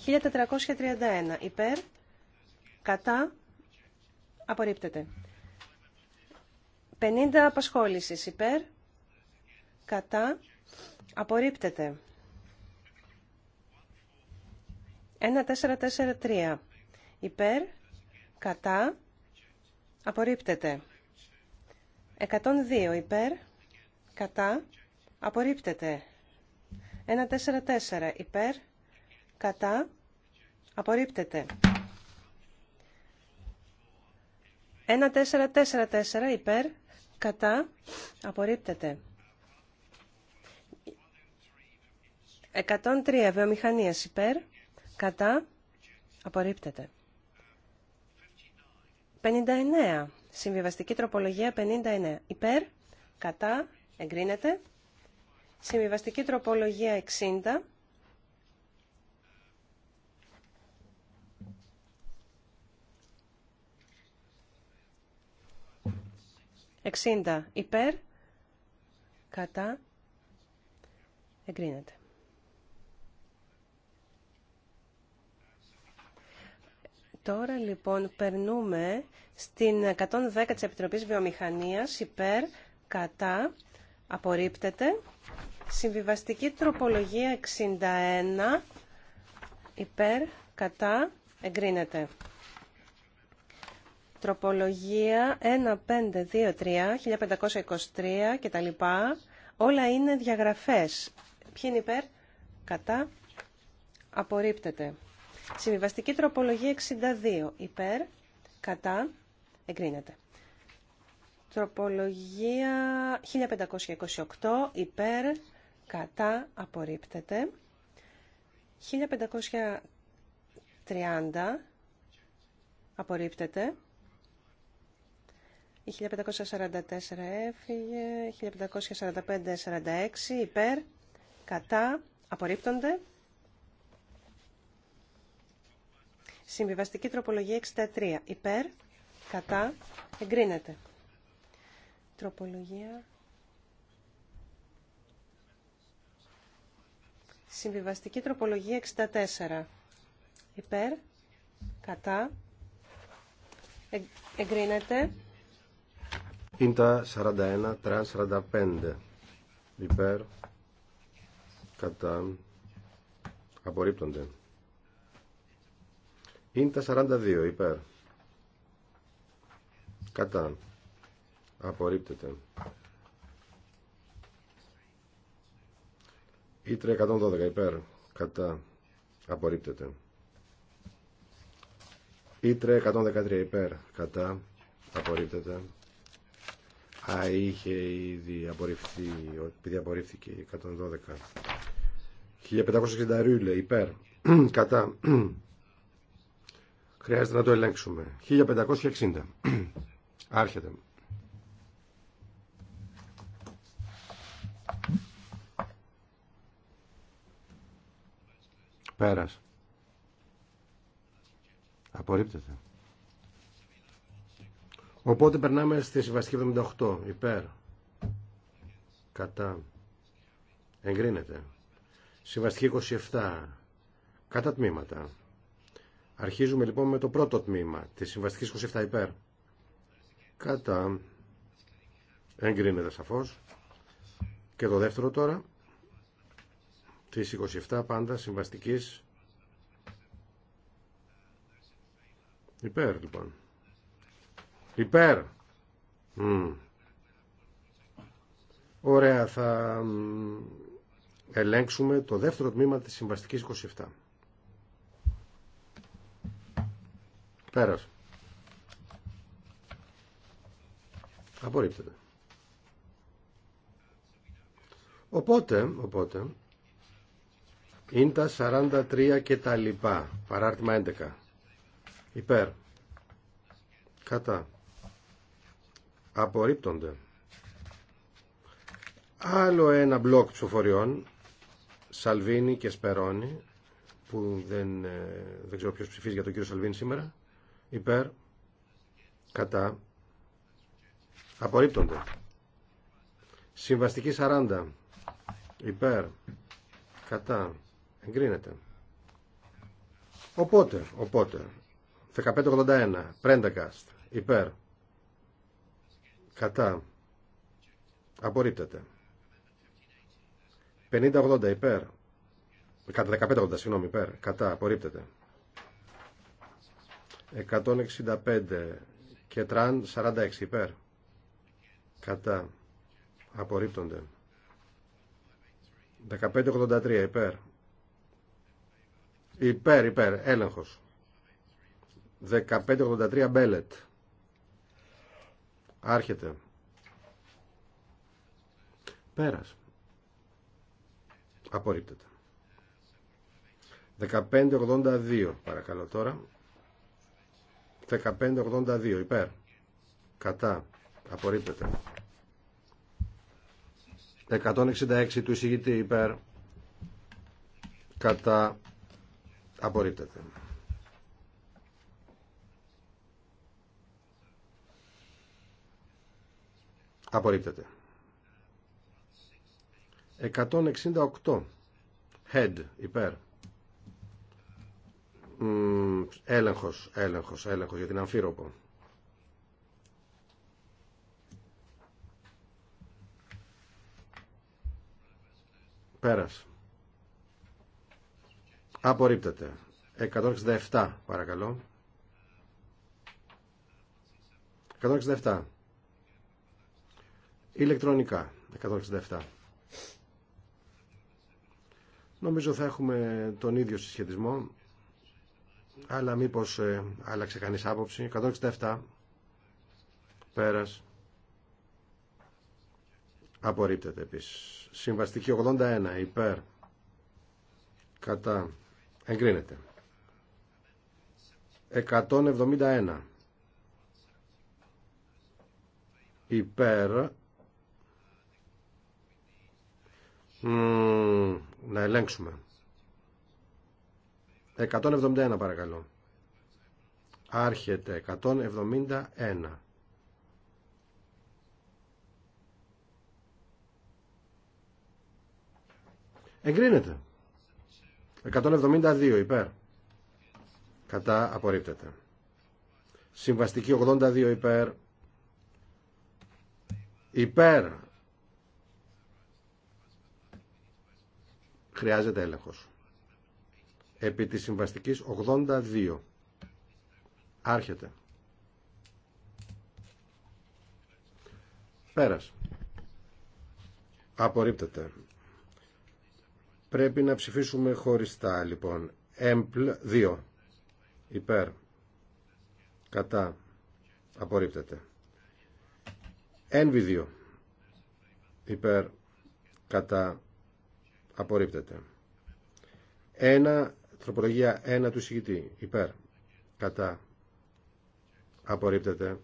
1431 υπέρ, κατά, απορρίπτεται. 50 απασχόλησης υπέρ, κατά, απορρίπτεται. 1443. Υπέρ, κατά, απορρίπτεται. 102 υπέρ, κατά, απορρίπτεται. 144 υπέρ, κατά, απορρίπτεται. 1444 υπέρ, κατά, απορρίπτεται. 103 βιομηχανίες υπέρ, Κατά. Απορρίπτεται. 59. Συμβιβαστική τροπολογία 59. Υπέρ. Κατά. Εγκρίνεται. Συμβιβαστική τροπολογία 60. 60. υπέρ, κατά, εγκρίνεται. Τώρα λοιπόν περνούμε στην 110 της Επιτροπής Βιομηχανίας υπέρ κατά απορρίπτεται. Συμβιβαστική τροπολογία 61 υπέρ κατά εγκρίνεται. Τροπολογία 1523, 1523 και τα λοιπά. Όλα είναι διαγραφές. Ποιοι είναι υπέρ, κατά, απορρίπτεται. Συμβιβαστική τροπολογία 62. Υπέρ, κατά, εγκρίνεται. Τροπολογία 1528. Υπέρ, κατά, απορρίπτεται. 1530. Απορρίπτεται. 1544 έφυγε, 1545-46 υπέρ, κατά, απορρίπτονται. Συμβιβαστική τροπολογία 63. Υπέρ, κατά, εγκρίνεται. Τροπολογία... Συμβιβαστική τροπολογία 64. Υπέρ, κατά, ε, εγκρίνεται. Είναι τα 41, τραν 45. Υπέρ, κατά, απορρίπτονται. Είναι τα 42 υπέρ. Κατά. Απορρίπτεται. Ήτρε 112 υπέρ. Κατά. Απορρίπτεται. Ήτρε 113 υπέρ. Κατά. Απορρίπτεται. Α, είχε ήδη απορριφθεί, επειδή απορρίφθηκε 112. 1560 ρούλε υπέρ. Κατά. Χρειάζεται να το ελέγξουμε. 1560. Άρχεται. Πέρας. Απορρίπτεται. Οπότε περνάμε στη συμβαστική 78. Υπέρ. Κατά. Εγκρίνεται. Συμβαστική 27. Κατά τμήματα. Αρχίζουμε λοιπόν με το πρώτο τμήμα της συμβαστικής 27 υπέρ. Κατά εγκρίνεται σαφώς. Και το δεύτερο τώρα της 27 πάντα συμβαστικής υπέρ λοιπόν. Υπέρ. Ωραία, θα ελέγξουμε το δεύτερο τμήμα της συμβαστικής 27. Πέρας. Απορρίπτεται. Οπότε, οπότε, είναι τα 43 και τα λοιπά, παράρτημα 11. Υπέρ. Κατά. Απορρίπτονται. Άλλο ένα μπλοκ ψηφοφοριών, Σαλβίνη και Σπερώνη, που δεν, ε, δεν ξέρω ποιος ψηφίζει για τον κύριο Σαλβίνη σήμερα υπέρ κατά απορρίπτονται συμβαστική 40 υπέρ κατά εγκρίνεται οπότε οπότε 1581 πρέντακαστ υπέρ κατά απορρίπτεται 50-80 υπέρ κατα 1580. συγγνώμη υπέρ κατά απορρίπτεται 165 και τραν 46 υπέρ. Κατά. Απορρίπτονται. 1583 υπέρ. Υπέρ, υπέρ. Έλεγχος. 1583 μπέλετ. Άρχεται. Πέρας. Απορρίπτεται. 1582 παρακαλώ τώρα. 1582 υπέρ κατά απορρίπτεται 166 του εισηγητή υπέρ κατά απορρίπτεται απορρίπτεται 168 head υπέρ έλεγχος, έλεγχος, έλεγχος για την αμφίροπο. Πέρας. Απορρίπτεται. 167 παρακαλώ. 167. Ηλεκτρονικά. 167. Νομίζω θα έχουμε τον ίδιο συσχετισμό αλλά μήπως ε, άλλαξε κανείς άποψη. 167 πέρας απορρίπτεται επίσης. Συμβαστική 81 υπέρ κατά εγκρίνεται. 171 υπέρ να ελέγξουμε 171 παρακαλώ. Άρχεται 171. Εγκρίνεται. 172 υπέρ. Κατά απορρίπτεται. Συμβαστική 82 υπέρ. Υπέρ. Χρειάζεται έλεγχος επί της συμβαστικής 82. Άρχεται. Πέρας. Απορρίπτεται. Πρέπει να ψηφίσουμε χωριστά, λοιπόν. Εμπλ 2. Υπέρ. Κατά. Απορρίπτεται. Ένβι 2. Υπέρ. Κατά. Απορρίπτεται. 1 Τροπολογία 1 του εισηγητή. Υπέρ. Κατά. Απορρίπτεται.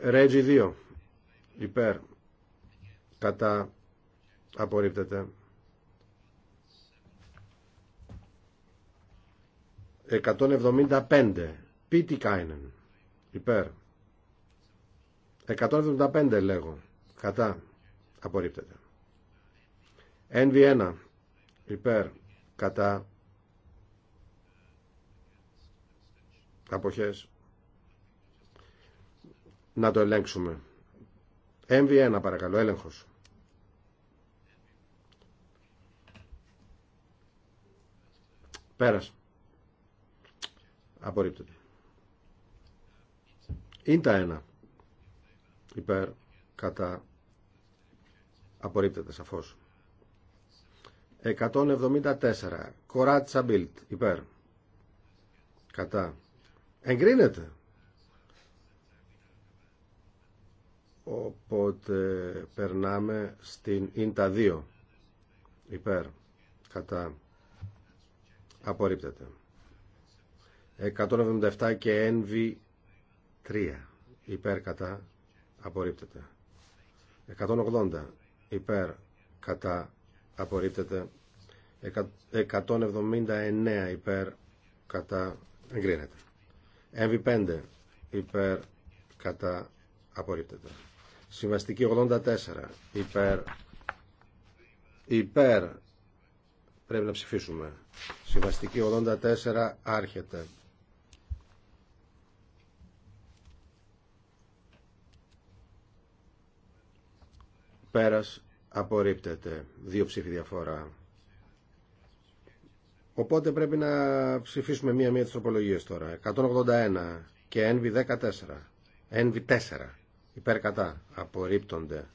Ρέτζι 2. Υπέρ. Κατά. Απορρίπτεται. 175. Πίτι Κάινεν. Υπέρ. 175 λέγω. Κατά. Απορρίπτεται. NV1. Υπέρ κατά αποχές να το ελέγξουμε MV1 παρακαλώ έλεγχος πέρας απορρίπτεται είναι τα υπέρ κατά απορρίπτεται σαφώς 174. Κοράτσα Μπίλτ. Υπέρ. Κατά. Εγκρίνεται. Οπότε περνάμε στην ίντα 2. Υπέρ. Κατά. Απορρίπτεται. 177 και NV 3. Υπέρ κατά. Απορρίπτεται. 180. Υπέρ κατά απορρίπτεται 179 υπέρ κατά εγκρίνεται MV5 υπέρ κατά απορρίπτεται συμβαστική 84 υπέρ υπέρ πρέπει να ψηφίσουμε συμβαστική 84 άρχεται πέρας απορρίπτεται δύο ψήφοι διαφορά. Οπότε πρέπει να ψηφίσουμε μία-μία τις τροπολογίες τώρα. 181 και NV14. NV4. Υπέρ κατά. Απορρίπτονται.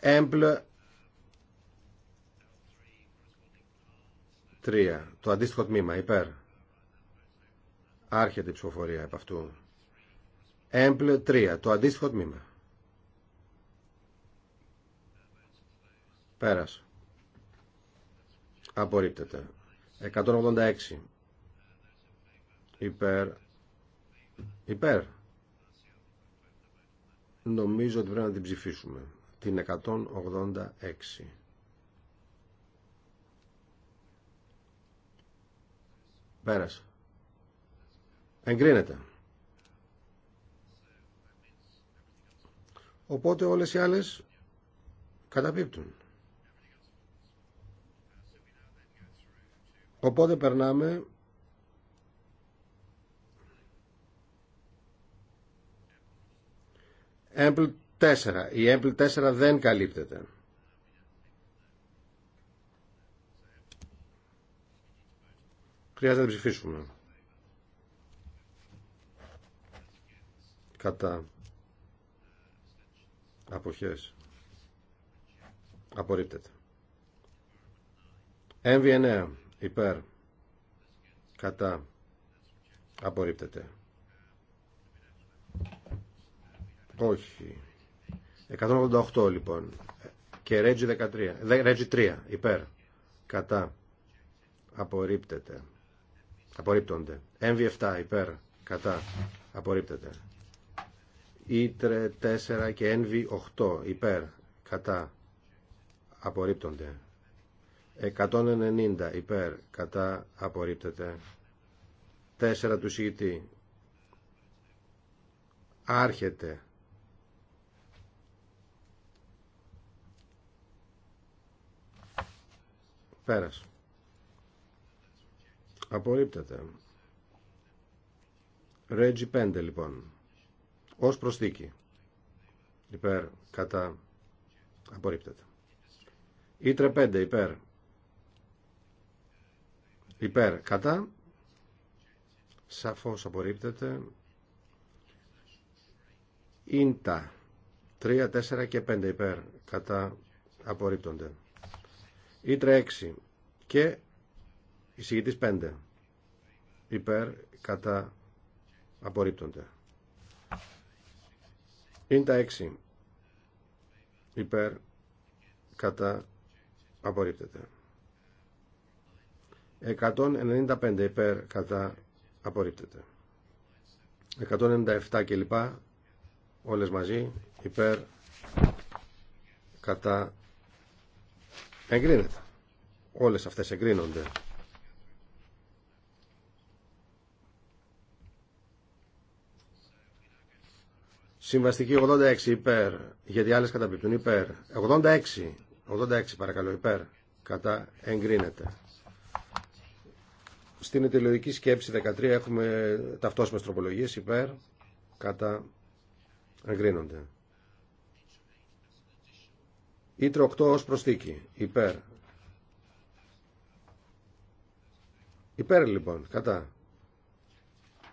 Έμπλ 3. Το αντίστοιχο τμήμα. Υπέρ. Άρχεται η ψηφοφορία από αυτού. Έμπλ 3. Το αντίστοιχο τμήμα. Πέρας. Απορρίπτεται. 186. Υπέρ. Υπέρ. Νομίζω ότι πρέπει να την ψηφίσουμε. Την 186. Πέρασε. Εγκρίνεται. Οπότε όλες οι άλλες καταπίπτουν. Οπότε περνάμε Έμπλ 4. Η Έμπλ 4 δεν καλύπτεται. Χρειάζεται να ψηφίσουμε. Κατά. Αποχές. Απορρίπτεται υπέρ κατά απορρίπτεται όχι 188 λοιπόν και Ρέτζι 13 Ρέτζι 3 υπέρ κατά απορρίπτεται Απορρίπτονται MV7 υπέρ κατά απορρίπτεται Ήτρε 4 και NV8 υπέρ κατά απορρίπτονται 190 υπέρ κατά απορρίπτεται 4 του συγητή άρχεται πέρας απορρίπτεται Ρέτζι 5 λοιπόν ως προσθήκη υπέρ κατά απορρίπτεται Ήτρε 5 υπέρ Υπέρ. Κατά. Σαφώς απορρίπτεται. Ίντα. 3, 4 και 5 υπέρ. Κατά. Απορρίπτονται. Ήτρα 6. Και εισηγητής 5. Υπέρ. Κατά. Απορρίπτονται. Ίντα 6. Υπέρ. Κατά. Απορρίπτεται. 195 υπέρ κατά απορρίπτεται. 197 κλπ. Όλες μαζί υπέρ κατά εγκρίνεται. Όλες αυτές εγκρίνονται. Συμβαστική 86 υπέρ, γιατί άλλες καταπληκτούν υπέρ. 86, 86 παρακαλώ υπέρ, κατά εγκρίνεται. Στην αιτιολογική σκέψη 13 έχουμε ταυτόσιμες τροπολογίες υπέρ, κατά, εγκρίνονται. Ήτρο 8 ως προστίκη, υπέρ. Υπέρ λοιπόν, κατά.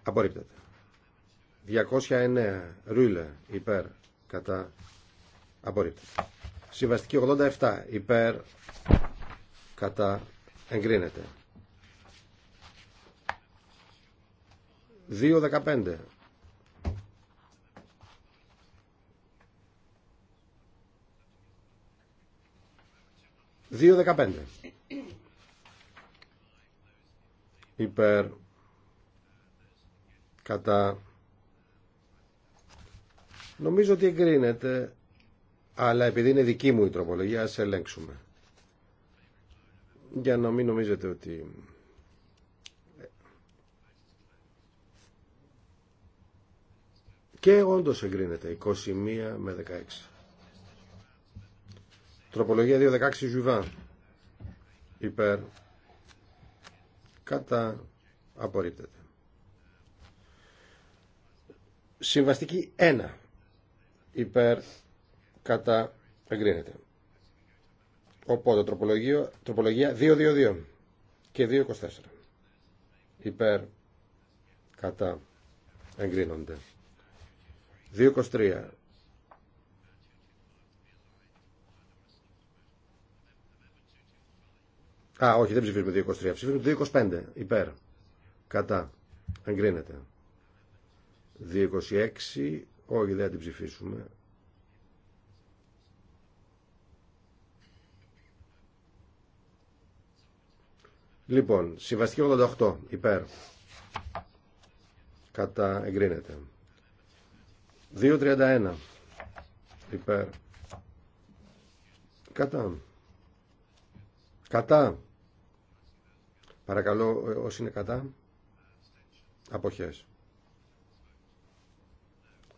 Απορρίπτεται. 209, ρούλε, υπέρ, κατά. Απορρίπτεται. Συμβαστική 87, υπέρ, κατά. Εγκρίνεται. 2.15 2.15 υπέρ κατά νομίζω ότι εγκρίνεται αλλά επειδή είναι δική μου η τροπολογία ας ελέγξουμε για να μην νομίζετε ότι Και όντως εγκρίνεται 21 με 16. Τροπολογία 2.16 Ζουβά. Υπέρ. Κατά. Απορρίπτεται. Συμβαστική 1. Υπέρ. Κατά. Εγκρίνεται. Οπότε τροπολογία, τροπολογία 2.2.2 και 2.24. Υπέρ. Κατά. Εγκρίνονται. 2.23 Α, όχι, δεν ψηφίζουμε 2.23. Ψηφίζουμε 2.25. Υπέρ. Κατά. Εγκρίνεται. 2.26. Όχι, δεν την ψηφίσουμε. Λοιπόν, συμβαστική 88. Υπέρ. Κατά. Εγκρίνεται. 2.31 υπέρ κατά κατά παρακαλώ ε, όσοι είναι κατά αποχές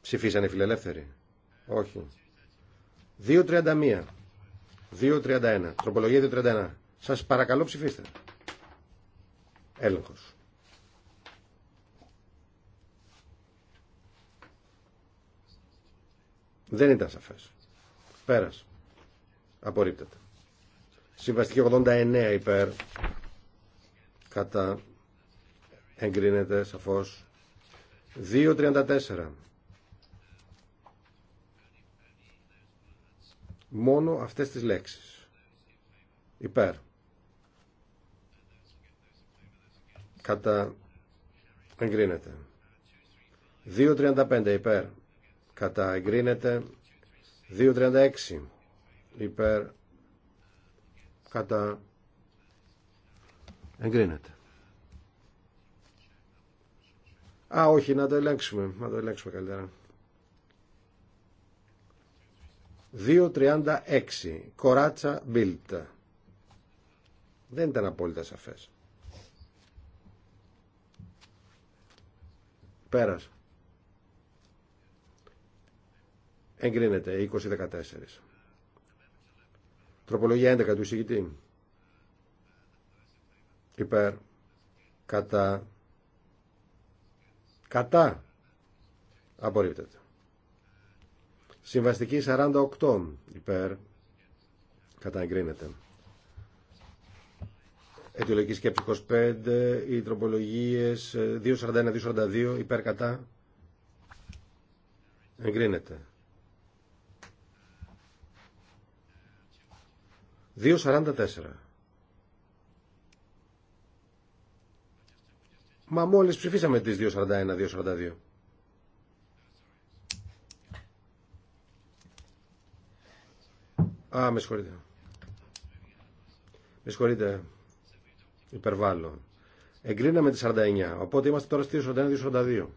ψηφίσανε οι φιλελεύθεροι όχι 2.31 2.31 τροπολογία 2.31 σας παρακαλώ ψηφίστε έλεγχος Δεν ήταν σαφές. Πέρας. Απορρίπτεται. Συμβαστική 89 υπέρ. Κατά. Εγκρίνεται σαφώς. 2.34. Μόνο αυτές τις λέξεις. Υπέρ. Κατά. Εγκρίνεται. 2.35 υπέρ κατά εγκρίνεται 2.36 υπέρ κατά εγκρίνεται Α, όχι, να το ελέγξουμε. Να το ελέγξουμε καλύτερα. 2.36. Κοράτσα μπίλτα. Δεν ήταν απόλυτα σαφές. Πέρασε. Εγκρίνεται 20-14. Τροπολογία 11 του εισηγητή. Υπέρ. Κατά. Κατά. Απορρίπτεται. Συμβαστική 48. Υπέρ. Κατά εγκρίνεται. Αιτιολογική σκέψη 25. Οι τροπολογίε 241-242. Ε, Υπέρ. Κατά. Εγκρίνεται. 2.44. Μα μόλις ψηφίσαμε τις 2.41, 2.42. Α, με συγχωρείτε. Με συγχωρείτε. Υπερβάλλω. Εγκρίναμε τη 49. Οπότε είμαστε τώρα στη 41-42.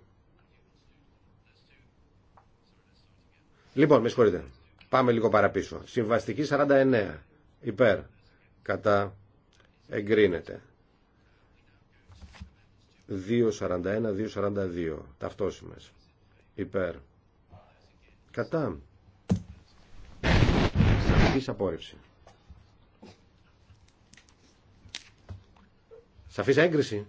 Λοιπόν, με συγχωρείτε. Πάμε λίγο παραπίσω. Συμβαστική 49 υπέρ κατά εγκρίνεται 2.41 2.42 ταυτόσιμες υπέρ κατά σαφής απόρριψη σαφής έγκριση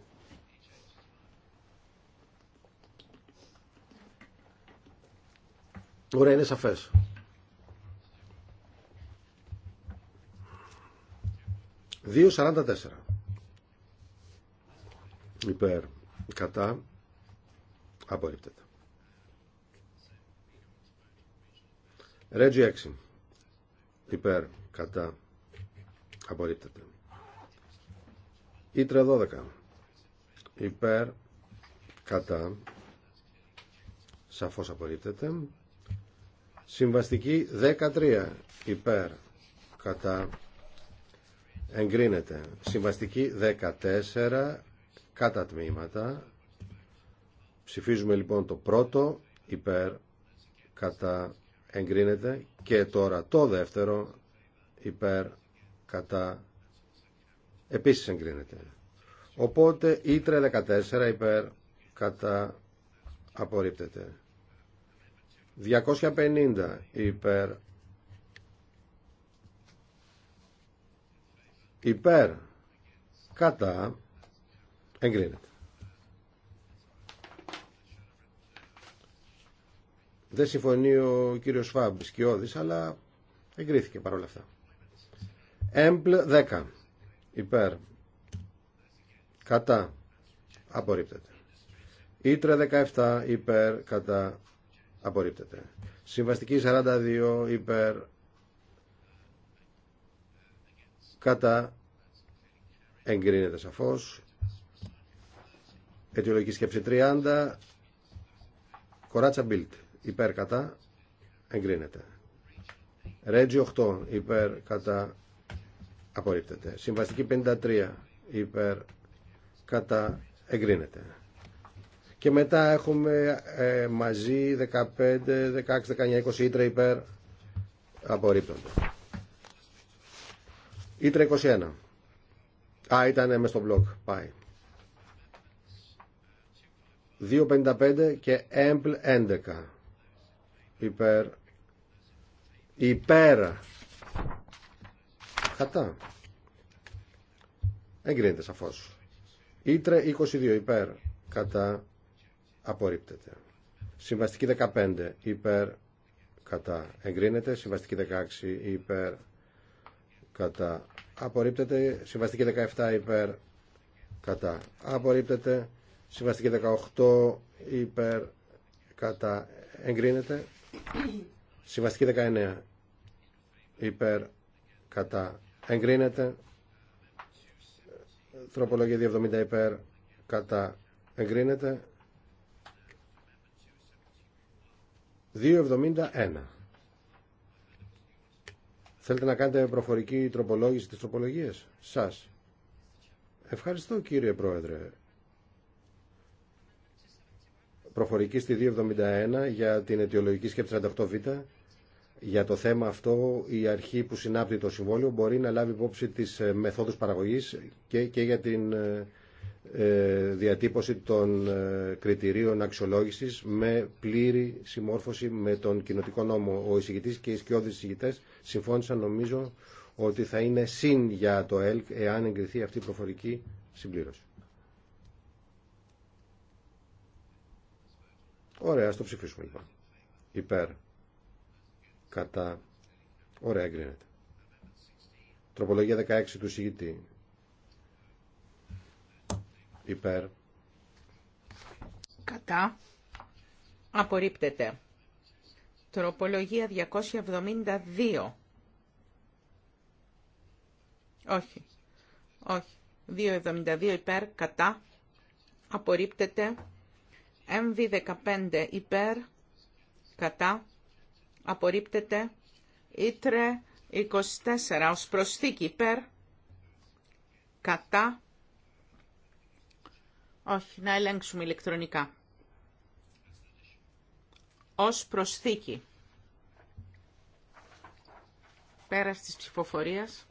Ωραία, είναι σαφές. 2.44 υπέρ κατά απορρίπτεται. Ρέτζι 6 υπέρ κατά απορρίπτεται. Ήτρε 12 υπέρ κατά σαφώς απορρίπτεται. Συμβαστική 13 υπέρ κατά εγκρίνεται. Συμβαστική 14 κατά τμήματα. Ψηφίζουμε λοιπόν το πρώτο υπέρ κατά εγκρίνεται και τώρα το δεύτερο υπέρ κατά επίσης εγκρίνεται. Οπότε ήτρε 14 υπέρ κατά απορρίπτεται. 250 υπέρ υπέρ κατά εγκρίνεται. Δεν συμφωνεί ο κύριος Φάμπ Σκιώδης, αλλά εγκρίθηκε παρόλα αυτά. Έμπλ 10 υπέρ κατά απορρίπτεται. Ήτρε 17 υπέρ κατά απορρίπτεται. Συμβαστική 42 υπέρ Κατά εγκρίνεται σαφώς. Αιτιολογική σκέψη 30. Κοράτσα Μπίλτ. Υπέρ κατά. Εγκρίνεται. Ρέτζι 8. Υπέρ κατά. Απορρίπτεται. Συμβαστική 53. Υπέρ κατά. Εγκρίνεται. Και μετά έχουμε ε, μαζί 15, 16, 19, 20 ήτρε υπέρ. Απορρίπτονται. Ήτρε 21. Α, ήταν με στο μπλοκ. Πάει. 2.55 και έμπλ 11. Υπέρ. Υπέρ. Κατά. Εγκρίνεται σαφώς. Ήτρε 22 υπέρ. Κατά. Απορρίπτεται. Συμβαστική 15 υπέρ. Κατά. Εγκρίνεται. Συμβαστική 16 υπέρ. Κατά απορρίπτεται συμβαστική 17 υπέρ κατά απορρίπτεται συμβαστική 18 υπέρ κατά εγκρίνεται συμβαστική 19 υπέρ κατά εγκρίνεται τροπολογία 270 υπέρ κατά εγκρίνεται 271 Θέλετε να κάνετε προφορική τροπολόγηση της τροπολογίας σας. Ευχαριστώ κύριε Πρόεδρε. Προφορική στη 271 για την αιτιολογική σκέψη 38β. Για το θέμα αυτό η αρχή που συνάπτει το συμβόλαιο μπορεί να λάβει υπόψη τις μεθόδους παραγωγής και, και για την ε, ε, διατύπωση των ε, κριτηρίων αξιολόγησης με πλήρη συμμόρφωση με τον κοινοτικό νόμο. Ο εισηγητής και οι σκιώδεις εισηγητές συμφώνησαν νομίζω ότι θα είναι συν για το ΕΛΚ εάν εγκριθεί αυτή η προφορική συμπλήρωση. Ωραία, ας το ψηφίσουμε λοιπόν. Υπέρ. Κατά. Ωραία, εγκρίνεται. Τροπολογία 16 του εισηγητή υπέρ κατά απορρίπτεται. Τροπολογία 272. Όχι. Όχι. 272 υπέρ κατά απορρίπτεται. MV15 υπέρ κατά απορρίπτεται. Ήτρε 24 ως προσθήκη υπέρ κατά όχι, να ελέγξουμε ηλεκτρονικά. Ως προσθήκη. Πέρας της ψηφοφορίας.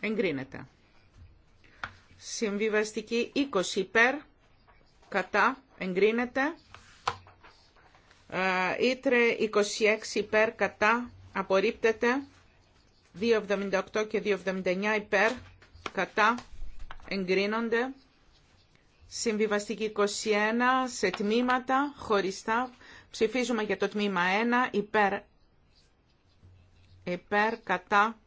Εγκρίνεται. Συμβιβαστική 20 υπέρ, κατά, εγκρίνεται. Ε, Ήτρε 26 υπέρ, κατά, απορρίπτεται. 2,78 και 2,79 υπέρ, κατά, εγκρίνονται. Συμβιβαστική 21 σε τμήματα χωριστά. Ψηφίζουμε για το τμήμα 1 υπέρ, υπέρ κατά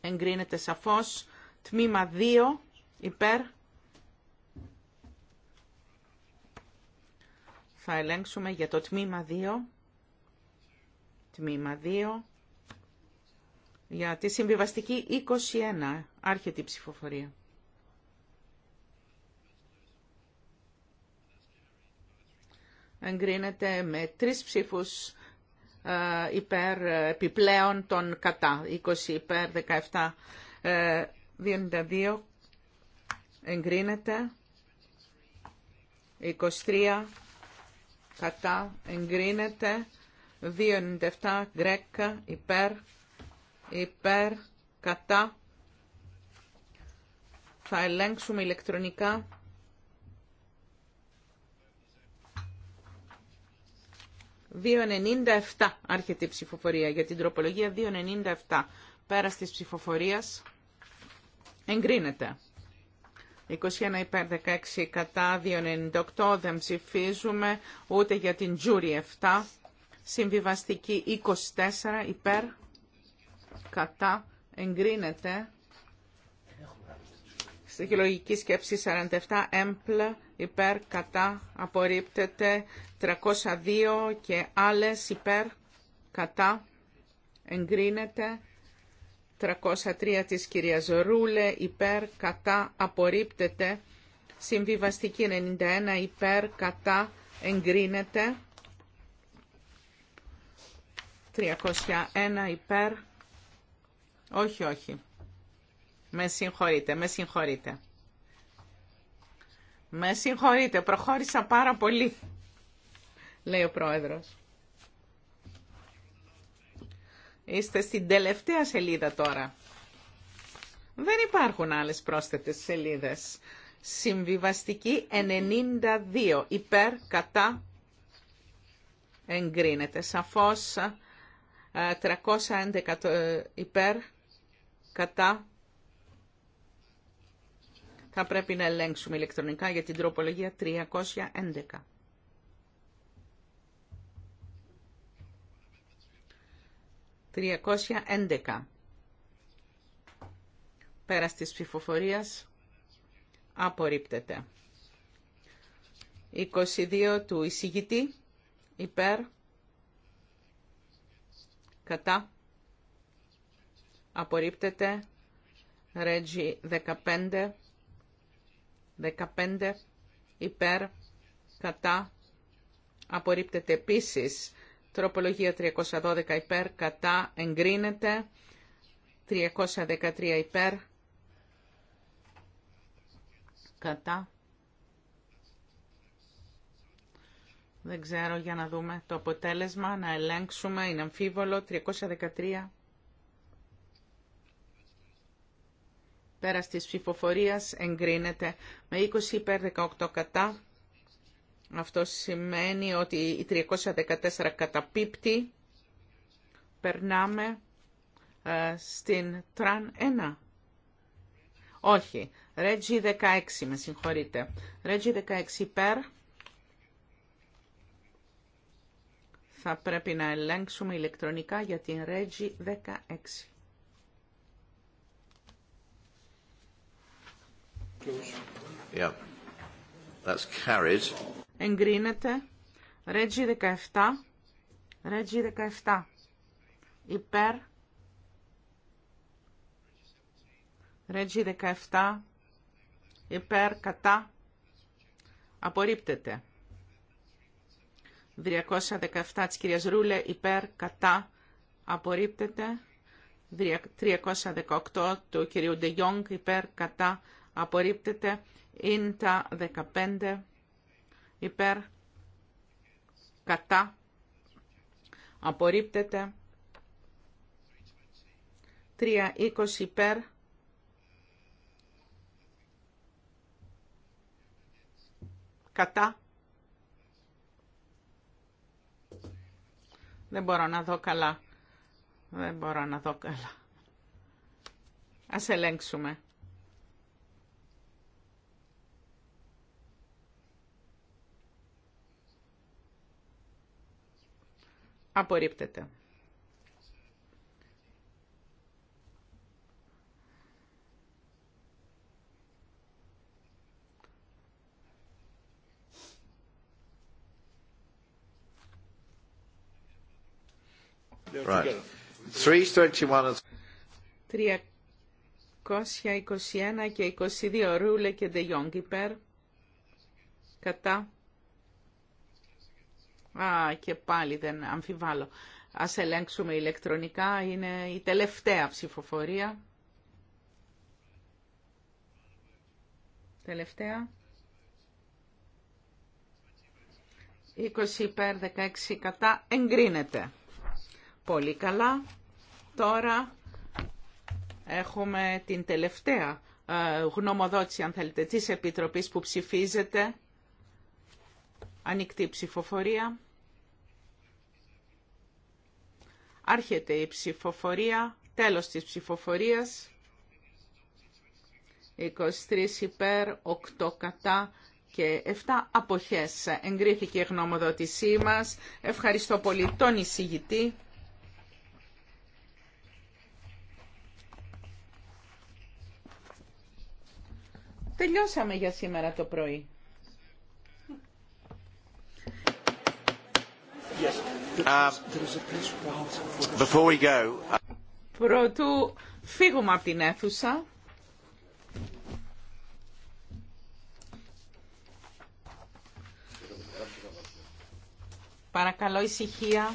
εγκρίνεται σαφώς. Τμήμα 2 υπέρ θα ελέγξουμε για το τμήμα 2. Τμήμα 2 για τη συμβιβαστική 21. Άρχεται η ψηφοφορία. Εγκρίνεται με τρεις ψήφους ε, υπέρ ε, επιπλέον των κατά. 20 υπέρ, 17, 22 ε, εγκρίνεται. 23 κατά εγκρίνεται. 297 γκρέκα υπέρ, υπέρ, κατά θα ελέγξουμε ηλεκτρονικά. «2.97» άρχεται η ψηφοφορία για την τροπολογία 2.97. πέρα της ψηφοφορίας εγκρίνεται. 21 υπέρ 16 κατά 2.98 δεν ψηφίζουμε ούτε για την Τζούρι 7. Συμβιβαστική 24 υπέρ κατά εγκρίνεται λογική σκέψη 47, έμπλ, υπέρ, κατά, απορρίπτεται, 302 και άλλες υπέρ, κατά, εγκρίνεται, 303 της κυρίας Ρούλε, υπέρ, κατά, απορρίπτεται, συμβιβαστική 91, υπέρ, κατά, εγκρίνεται, 301 υπέρ, όχι, όχι. Με συγχωρείτε, με συγχωρείτε. Με συγχωρείτε, προχώρησα πάρα πολύ, λέει ο πρόεδρος. Είστε στην τελευταία σελίδα τώρα. Δεν υπάρχουν άλλες πρόσθετες σελίδες. Συμβιβαστική 92, υπέρ, κατά, εγκρίνεται. Σαφώς 311 ε, ε, υπέρ, κατά, θα πρέπει να ελέγξουμε ηλεκτρονικά για την τροπολογία 311. ...311. Πέρας της ψηφοφορίας απορρίπτεται. 22 του εισηγητή υπέρ κατά απορρίπτεται. Ρέτζι 15 15 υπέρ κατά απορρίπτεται επίσης. Τροπολογία 312 υπέρ κατά εγκρίνεται. 313 υπέρ κατά. Δεν ξέρω για να δούμε το αποτέλεσμα, να ελέγξουμε, είναι αμφίβολο, 313 Πέρας της ψηφοφορίας εγκρίνεται με 20 υπέρ 18 κατά. Αυτό σημαίνει ότι η 314 καταπίπτει. Περνάμε ε, στην τραν 1. Όχι. Ρέτζι 16, με συγχωρείτε. Ρέτζι 16 υπέρ. Θα πρέπει να ελέγξουμε ηλεκτρονικά για την Ρέτζι 16. Yeah. That's carried. Εγκρίνεται. Ρέτζι 17. Ρέτζι 17. Υπέρ. Ρέτζι 17. Υπέρ. Κατά. Απορρίπτεται. 317 της κυρίας Ρούλε. Υπέρ. Κατά. Απορρίπτεται. 318 του κυρίου Ντεγιόγκ. Υπέρ. Κατά απορρίπτεται. τα 15 υπέρ κατά απορρίπτεται. 3.20 υπέρ κατά Δεν μπορώ να δω καλά. Δεν μπορώ να δω καλά. Ας ελέγξουμε. Απορρίπτεται. Right. 321 και 22 Ρούλε και Ντε Ιόγκ υπέρ κατά Α, και πάλι δεν αμφιβάλλω. Ας ελέγξουμε ηλεκτρονικά, είναι η τελευταία ψηφοφορία. Τελευταία. 20 υπέρ 16 κατά εγκρίνεται. Πολύ καλά. Τώρα έχουμε την τελευταία ε, γνωμοδότηση, αν θέλετε, της Επιτροπής που ψηφίζεται. Ανοιχτή ψηφοφορία. Άρχεται η ψηφοφορία, τέλος της ψηφοφορίας. 23 υπέρ, 8 κατά και 7 αποχές. Εγκρίθηκε η γνωμοδότησή μας. Ευχαριστώ πολύ τον εισηγητή. Τελειώσαμε για σήμερα το πρωί. Uh, πρωτού φύγουμε από την αίθουσα. Παρακαλώ ησυχία.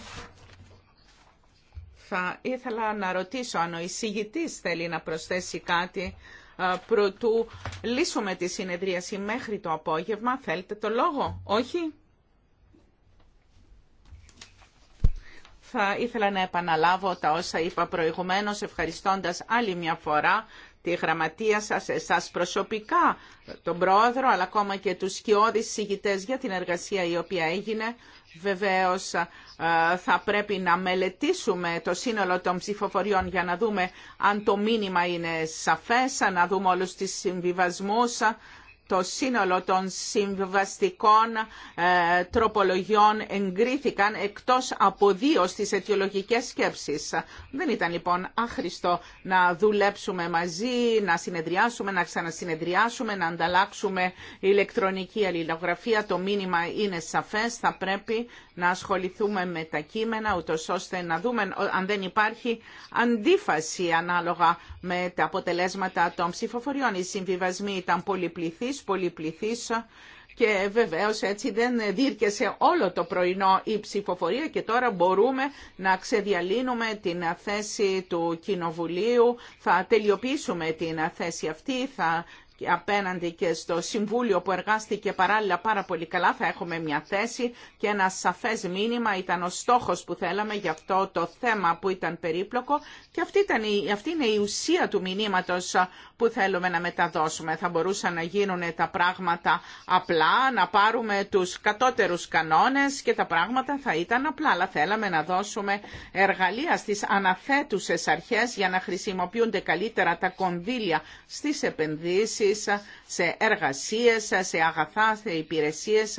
Θα ήθελα να ρωτήσω αν ο εισηγητής θέλει να προσθέσει κάτι ε, προτού λύσουμε τη συνεδρίαση μέχρι το απόγευμα. Θέλετε το λόγο, όχι. Θα ήθελα να επαναλάβω τα όσα είπα προηγουμένως, ευχαριστώντας άλλη μια φορά τη γραμματεία σας, εσάς προσωπικά, τον πρόεδρο, αλλά ακόμα και τους σκιώδεις συγητές για την εργασία η οποία έγινε. Βεβαίως θα πρέπει να μελετήσουμε το σύνολο των ψηφοφοριών για να δούμε αν το μήνυμα είναι σαφές, να δούμε όλους τις συμβιβασμούς, το σύνολο των συμβαστικών ε, τροπολογιών εγκρίθηκαν εκτός από δύο στις αιτιολογικές σκέψεις. Δεν ήταν λοιπόν άχρηστο να δουλέψουμε μαζί, να συνεδριάσουμε, να ξανασυνεδριάσουμε, να ανταλλάξουμε ηλεκτρονική αλληλογραφία. Το μήνυμα είναι σαφές, θα πρέπει να ασχοληθούμε με τα κείμενα, ούτω ώστε να δούμε αν δεν υπάρχει αντίφαση ανάλογα με τα αποτελέσματα των ψηφοφοριών. Οι συμβιβασμοί ήταν πολυπληθείς, πολυπληθείς και βεβαίως έτσι δεν δίρκεσε όλο το πρωινό η ψηφοφορία και τώρα μπορούμε να ξεδιαλύνουμε την θέση του Κοινοβουλίου. Θα τελειοποιήσουμε την θέση αυτή, θα απέναντι και στο Συμβούλιο που εργάστηκε παράλληλα πάρα πολύ καλά. Θα έχουμε μια θέση και ένα σαφές μήνυμα ήταν ο στόχος που θέλαμε για αυτό το θέμα που ήταν περίπλοκο και αυτή, ήταν η, αυτή είναι η ουσία του μηνύματος που θέλουμε να μεταδώσουμε. Θα μπορούσαν να γίνουν τα πράγματα απλά, να πάρουμε τους κατώτερους κανόνες και τα πράγματα θα ήταν απλά, αλλά θέλαμε να δώσουμε εργαλεία στις αναθέτουσες αρχές για να χρησιμοποιούνται καλύτερα τα κονδύλια στις επενδύσεις σε εργασίες, σε αγαθά, σε υπηρεσίες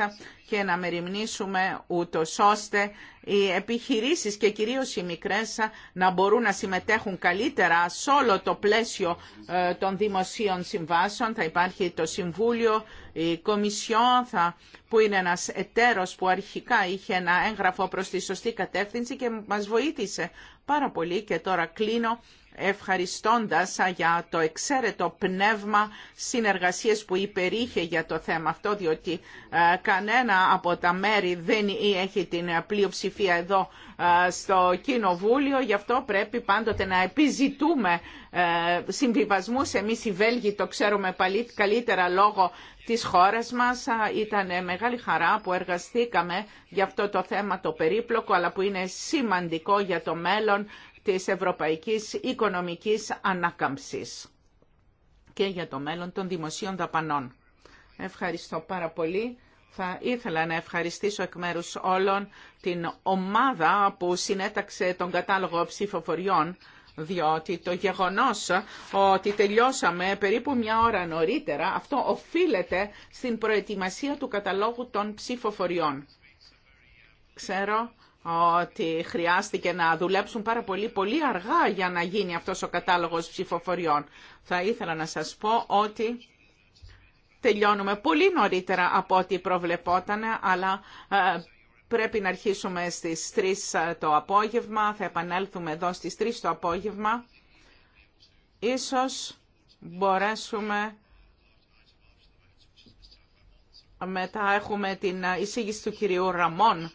και να μεριμνήσουμε ούτω ώστε οι επιχειρήσεις και κυρίως οι μικρές να μπορούν να συμμετέχουν καλύτερα σε όλο το πλαίσιο ε, των δημοσίων συμβάσεων. Θα υπάρχει το Συμβούλιο, η Κομισιόν που είναι ένας εταίρος που αρχικά είχε ένα έγγραφο προς τη σωστή κατεύθυνση και μας βοήθησε πάρα πολύ και τώρα κλείνω ευχαριστώντας για το εξαίρετο πνεύμα συνεργασίες που υπερήχε για το θέμα αυτό, διότι κανένα από τα μέρη δεν έχει την πλειοψηφία εδώ στο Κοινοβούλιο, γι' αυτό πρέπει πάντοτε να επιζητούμε συμβιβασμούς. Εμείς οι Βέλγοι το ξέρουμε καλύτερα λόγω της χώρας μας. Ήταν μεγάλη χαρά που εργαστήκαμε για αυτό το θέμα το περίπλοκο, αλλά που είναι σημαντικό για το μέλλον της ευρωπαϊκής οικονομικής ανάκαμψης και για το μέλλον των δημοσίων δαπανών. Ευχαριστώ πάρα πολύ. Θα ήθελα να ευχαριστήσω εκ μέρους όλων την ομάδα που συνέταξε τον κατάλογο ψηφοφοριών διότι το γεγονός ότι τελειώσαμε περίπου μια ώρα νωρίτερα, αυτό οφείλεται στην προετοιμασία του καταλόγου των ψηφοφοριών. Ξέρω ότι χρειάστηκε να δουλέψουν πάρα πολύ, πολύ αργά για να γίνει αυτός ο κατάλογος ψηφοφοριών. Θα ήθελα να σας πω ότι τελειώνουμε πολύ νωρίτερα από ό,τι προβλεπόταν, αλλά ε, πρέπει να αρχίσουμε στις 3 ε, το απόγευμα. Θα επανέλθουμε εδώ στις 3 το απόγευμα. Ίσως μπορέσουμε... Μετά έχουμε την ε, εισήγηση του κυρίου Ραμών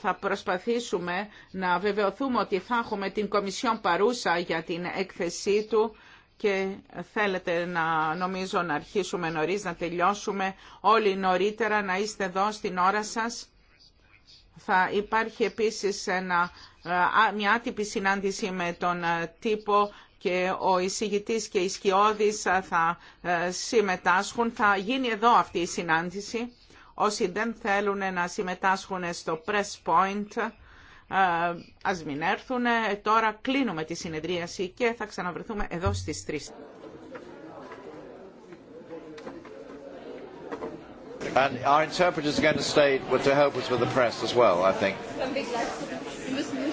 θα προσπαθήσουμε να βεβαιωθούμε ότι θα έχουμε την Κομισιόν παρούσα για την έκθεσή του και θέλετε να νομίζω να αρχίσουμε νωρίς, να τελειώσουμε όλοι νωρίτερα, να είστε εδώ στην ώρα σας. Θα υπάρχει επίσης ένα, μια άτυπη συνάντηση με τον τύπο και ο εισηγητής και οι σκιώδης θα ε, συμμετάσχουν. Θα γίνει εδώ αυτή η συνάντηση Όσοι δεν θέλουν να συμμετάσχουν στο Press Point, ε, ας μην έρθουν. Ε, τώρα κλείνουμε τη συνεδρίαση και θα ξαναβρεθούμε εδώ στις 3. And our interpreters are going to stay to help us with the press as well, I think.